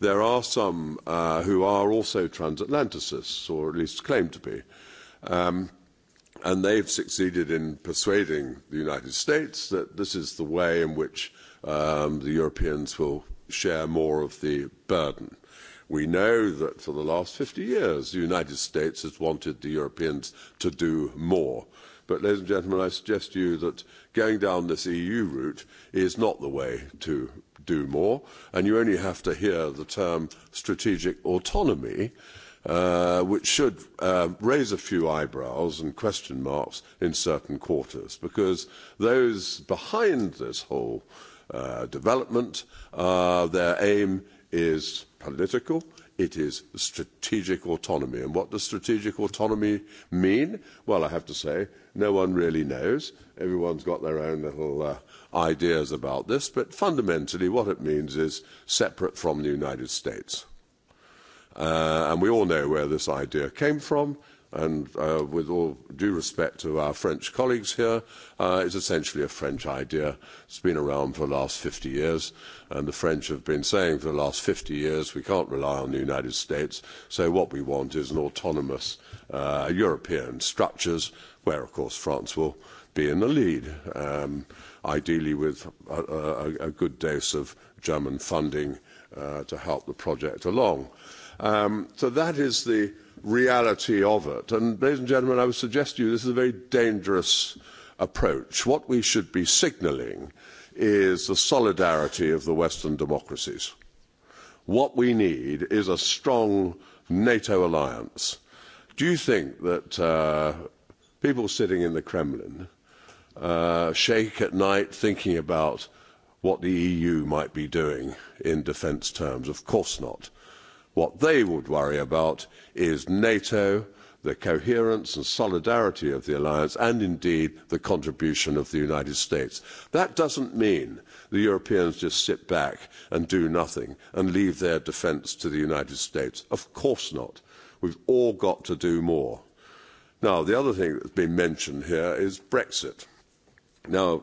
There are some who are also transatlanticists, or at least claim to be. And they've succeeded in persuading the United States that this is the way in which the Europeans will share more of the burden. We know that for the last 50 years the United States has wanted the Europeans to do more. But, ladies and gentlemen, I suggest to you that going down this EU route is not the way to do more, and you only have to hear the term strategic autonomy, which should raise a few eyebrows and question marks in certain quarters, because those behind this whole development, their aim is political. It is strategic autonomy. And what does strategic autonomy mean? Well, I have to say, no one really knows. Everyone's got their own little ideas about this. But fundamentally, what it means is separate from the United States. And we all know where this idea came from and with all due respect to our French colleagues here, is essentially a French idea. It's been around for the last 50 years, and the French have been saying for the last 50 years we can't rely on the United States, so what we want is an autonomous European structures, where, of course, France will be in the lead, ideally with a good dose of German funding to help the project along. So that is the reality of it. And, ladies and gentlemen, I would suggest to you this is a very dangerous approach. What we should be signalling is the solidarity of the Western democracies. What we need is a strong NATO alliance. Do you think that people sitting in the Kremlin shake at night thinking about what the EU might be doing in defence terms? Of course not. What they would worry about is NATO, the coherence and solidarity of the alliance, and indeed the contribution of the United States. That doesn't mean the Europeans just sit back and do nothing and leave their defence to the United States. Of course not. We've all got to do more. Now, the other thing that's been mentioned here is Brexit. Now,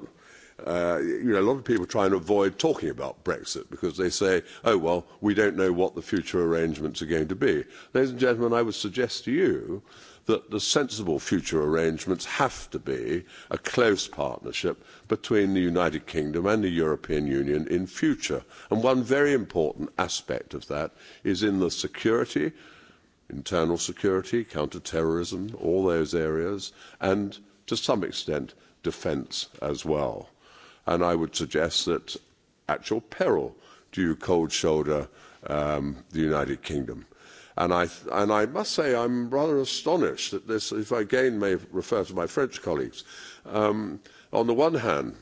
Uh you know, a lot of people try and avoid talking about Brexit because they say, oh, well, we don't know what the future arrangements are going to be. Ladies and gentlemen, I would suggest to you that the sensible future arrangements have to be a close partnership between the United Kingdom and the European Union in future. And one very important aspect of that is in the security, internal security, counter-terrorism, all those areas, and to some extent, defence as well and I would suggest that actual peril do you cold shoulder um, the United Kingdom. And I, and I must say I'm rather astonished that this, if I again may refer to my French colleagues, um, on the one hand,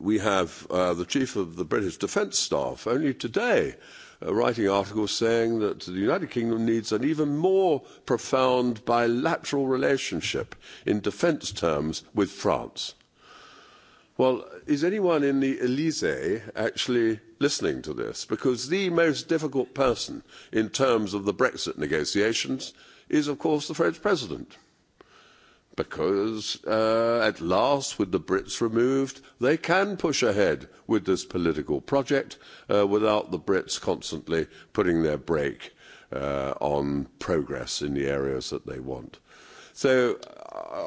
we have uh, the chief of the British Defence Staff only today writing articles saying that the United Kingdom needs an even more profound bilateral relationship in defence terms with France Well, is anyone in the Elysee actually listening to this? Because the most difficult person in terms of the Brexit negotiations is, of course, the French president. Because at last, with the Brits removed, they can push ahead with this political project without the Brits constantly putting their brake on progress in the areas that they want. So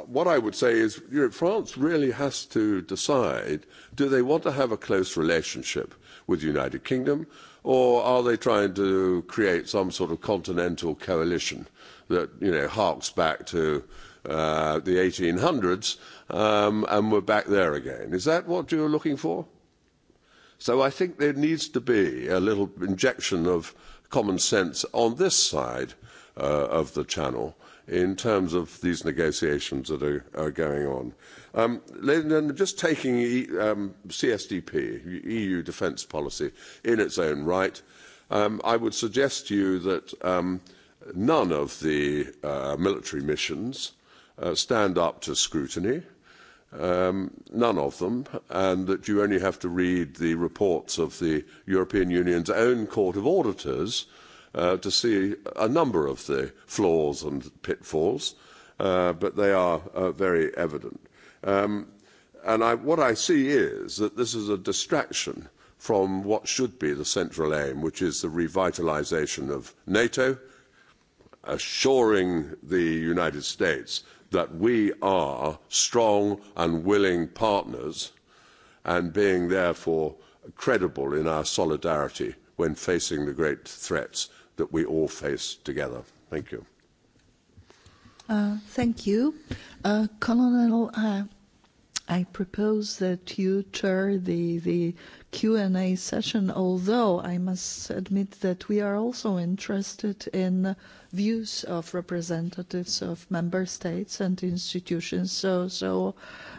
what I would say is you France really has to decide do they want to have a close relationship with the United Kingdom or are they trying to create some sort of continental coalition that you know harks back to the 1800s um, and we're back there again? Is that what you are looking for? So I think there needs to be a little injection of common sense on this side of the channel in terms of these negotiations that are, are going on. Um, just taking um, CSDP, EU defence policy, in its own right, um, I would suggest to you that um, none of the uh, military missions uh, stand up to scrutiny, um, none of them, and that you only have to read the reports of the European Union's own Court of Auditors to see a number of the flaws and pitfalls, but they are very evident. And what I see is that this is a distraction from what should be the central aim, which is the revitalisation of NATO, assuring the United States that we are strong and willing partners and being therefore credible in our solidarity when facing the great threats that we all face together. Thank you. Thank you. Colonel, I propose that you chair the Q&A session, although I must admit that we are also interested in views of representatives of member states and institutions. So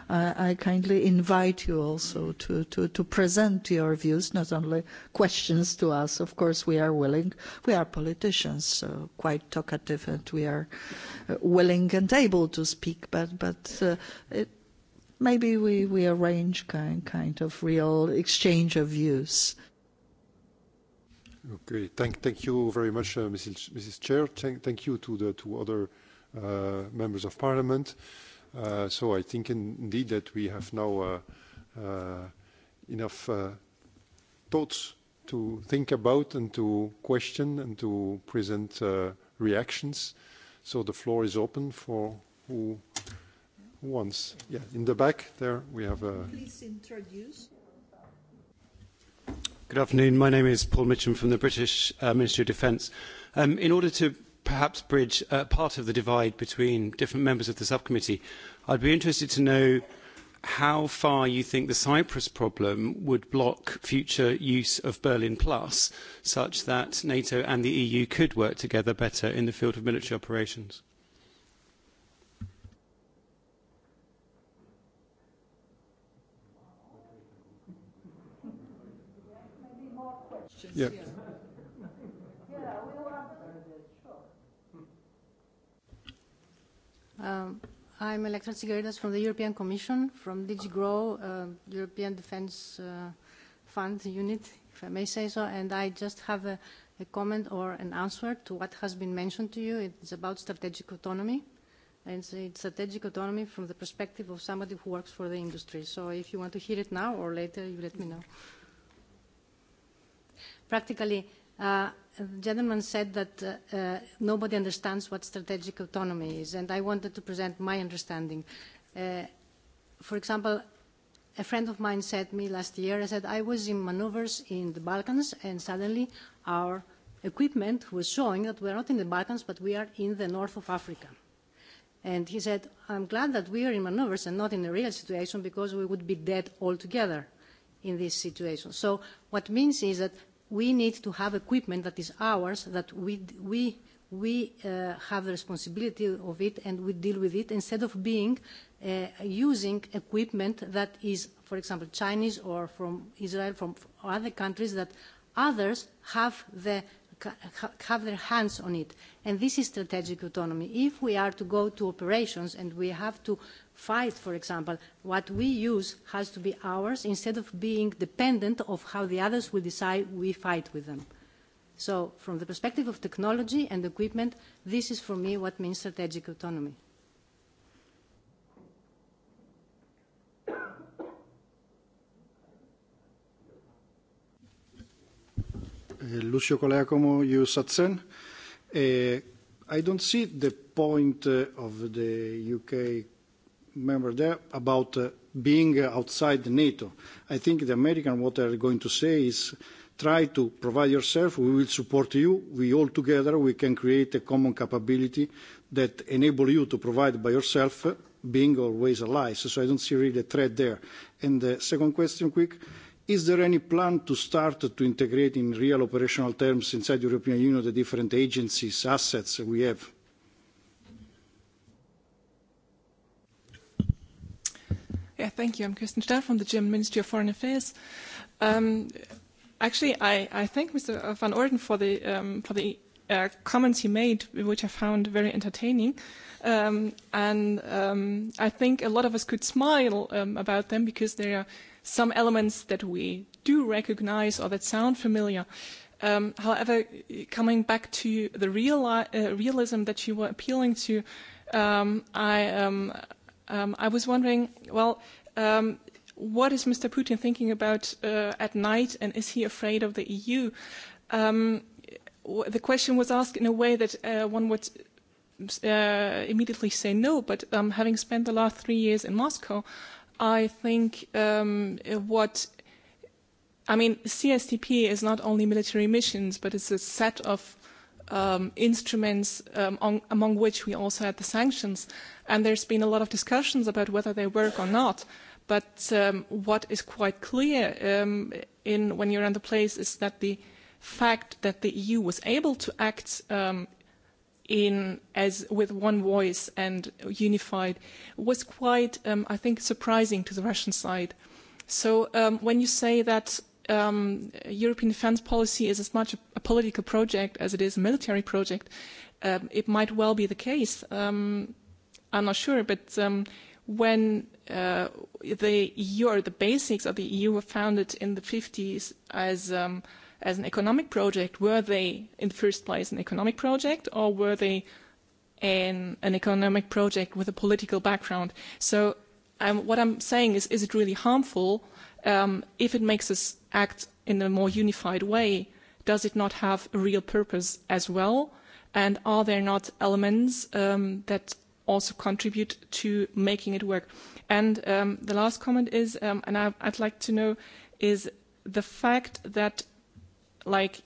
I kindly invite you also to present your views, not only questions to us. Of course, we are willing. We are politicians, so quite talkative, and we are willing and able to speak. But maybe we we arrange kind kind of real exchange of views. Okay, thank thank you very much, Mrs. Mrs. Chair. Thank thank you to the two other members of Parliament. So I think indeed that we have now enough thoughts to think about and to question and to present reactions. So the floor is open for who once. Yeah, in the back there we have a. Please introduce. Good afternoon. My name is Paul Mitcham from the British Ministry of Defence. In order to perhaps bridge part of the divide between different members of the subcommittee, I'd be interested to know how far you think the Cyprus problem would block future use of Berlin Plus, such that NATO and the EU could work together better in the field of military operations. Yeah. Um, I'm Electra Tsigaridas from the European Commission, from DigiGrow uh, European Defence uh, Fund Unit, if I may say so, and I just have a, a comment or an answer to what has been mentioned to you. It's about strategic autonomy, and so it's strategic autonomy from the perspective of somebody who works for the industry. So if you want to hear it now or later, you let me know. Practically, the gentleman said that nobody understands what strategic autonomy is, and I wanted to present my understanding. For example, a friend of mine said to me last year, I said, I was in maneuvers in the Balkans, and suddenly our equipment was showing that we are not in the Balkans, but we are in the north of Africa. And he said, I'm glad that we are in maneuvers and not in a real situation because we would be dead altogether in this situation. So what means is that we need to have equipment that is ours, that we we we have the responsibility of it and we deal with it instead of being using equipment that is, for example, Chinese or from Israel, from other countries that others have the have their hands on it. And this is strategic autonomy. If we are to go to operations and we have to fight, for example, what we use has to be ours instead of being dependent of how the others will decide we fight with them. So from the perspective of technology and equipment, this is for me what means strategic autonomy. Lucio Colaiacomo, you I don't see the point of the UK member there about being outside NATO. I think the American what they are going to say is try to provide yourself, we will support you, we all together we can create a common capability that enable you to provide by yourself being always allies. So I don't see really a threat there. And the second question quick Is there any plan to start to integrate in real operational terms inside the European Union the different agencies, assets we have? Yeah, thank you. I'm Kirsten Stahl from the German Ministry of Foreign Affairs. Actually, I thank Mr. van Orden for the comments he made, which I found very entertaining. And I think a lot of us could smile about them because they are some elements that we do recognize or that sound familiar. However, coming back to the realism that you were appealing to, I was wondering, well, what is Mr. Putin thinking about at night, and is he afraid of the EU? The question was asked in a way that one would immediately say no, but having spent the last three years in Moscow, I think what I mean, CSTP is not only military missions, but it's a set of instruments among which we also had the sanctions. And there's been a lot of discussions about whether they work or not. But what is quite clear in when you're in the place is that the fact that the EU was able to act in as with one voice and unified was quite i think surprising to the russian side so when you say that european defence policy is as much a political project as it is a military project it might well be the case i'm not sure but when the eu or the basics of the eu were founded in the 50s as as an economic project, were they in the first place an economic project or were they an economic project with a political background? So what I'm saying is, is it really harmful if it makes us act in a more unified way? Does it not have a real purpose as well? And are there not elements that also contribute to making it work? And the last comment is, and I'd like to know, is the fact that like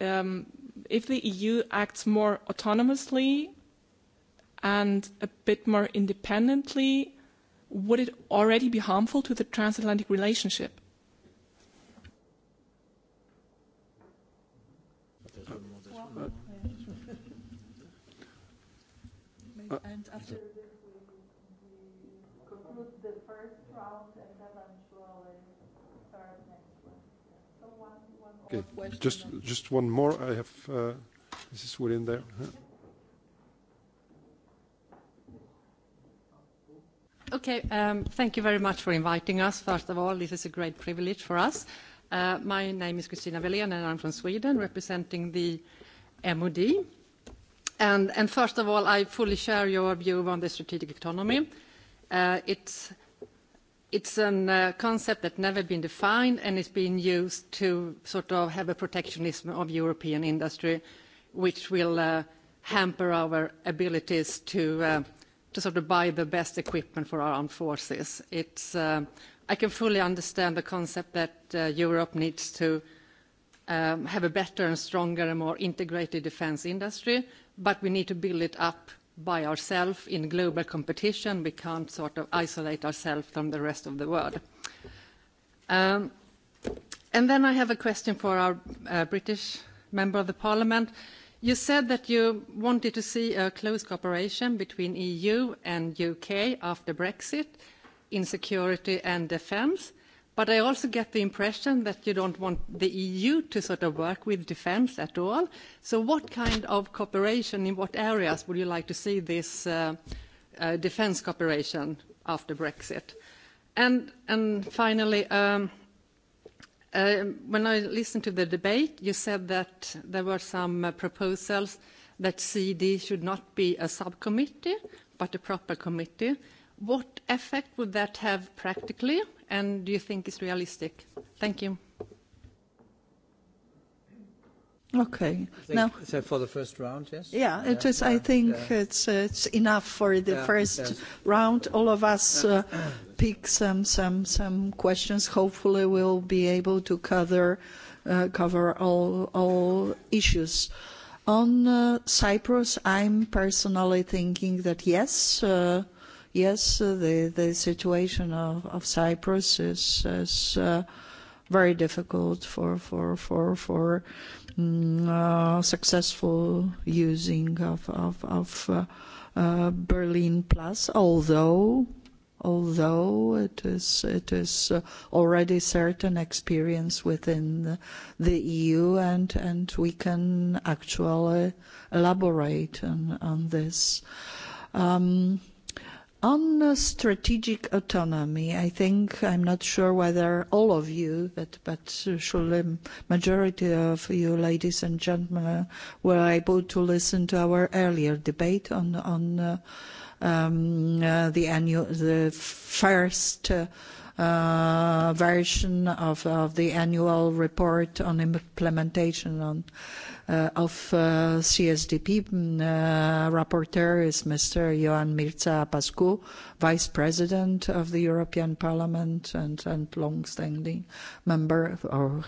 um if the EU acts more autonomously and a bit more independently, would it already be harmful to the transatlantic relationship? And after Okay, just one more. I have this is within there. Okay, thank you very much for inviting us. First of all, this is a great privilege for us. my name is Christina Velén and I'm from Sweden, representing the MOD. And, and first of all, I fully share your view on the strategic autonomy. it's It's a concept that never been defined and it's been used to sort of have a protectionism of European industry, which will hamper our abilities to sort of buy the best equipment for our armed forces. It's I can fully understand the concept that Europe needs to have a better and stronger and more integrated defence industry, but we need to build it up by ourselves in global competition. We can't sort of isolate ourselves from the rest of the world. And then I have a question for our British member of the Parliament. You said that you wanted to see a close cooperation between EU and UK after Brexit in security and defence. But I also get the impression that you don't want the EU to sort of work with defense at all. So what kind of cooperation, in what areas would you like to see this defence cooperation after Brexit? And finally, when I listened to the debate, you said that there were some proposals that CD should not be a subcommittee, but a proper committee. What effect would that have practically? and do you think is realistic? Thank you. Okay. Now, so for the first round, yes? Yeah, it is. I think it's it's enough for the first round. All of us pick some some some questions. Hopefully, we'll be able to cover cover all all issues. On Cyprus, I'm personally thinking that yes yes, the the situation of of Cyprus is very difficult for for for for successful using of of of Berlin Plus, although although it is it is already certain experience within the EU and and we can actually elaborate on this. Um On strategic autonomy, I think I'm not sure whether all of you, but surely majority of you, ladies and gentlemen, were able to listen to our earlier debate on the first version of the annual report on implementation on of CSDP. Rapporteur is Mr. Ioan Mirza Pascu, Vice President of the European Parliament and long-standing member or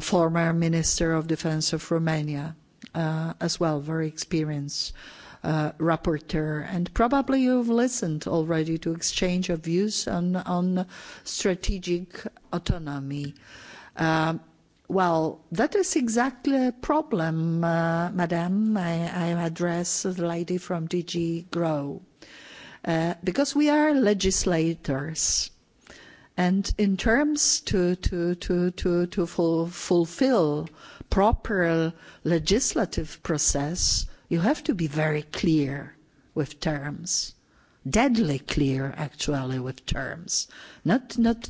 former Minister of Defence of Romania, as well, very experienced rapporteur. And probably you've listened already to exchange of views on strategic autonomy. Well, that is exactly a problem, Madame. I I address the lady from DG GROW. Because we are legislators. And in terms to to to to to fulfill proper legislative process, you have to be very clear with terms, deadly clear actually with terms, not not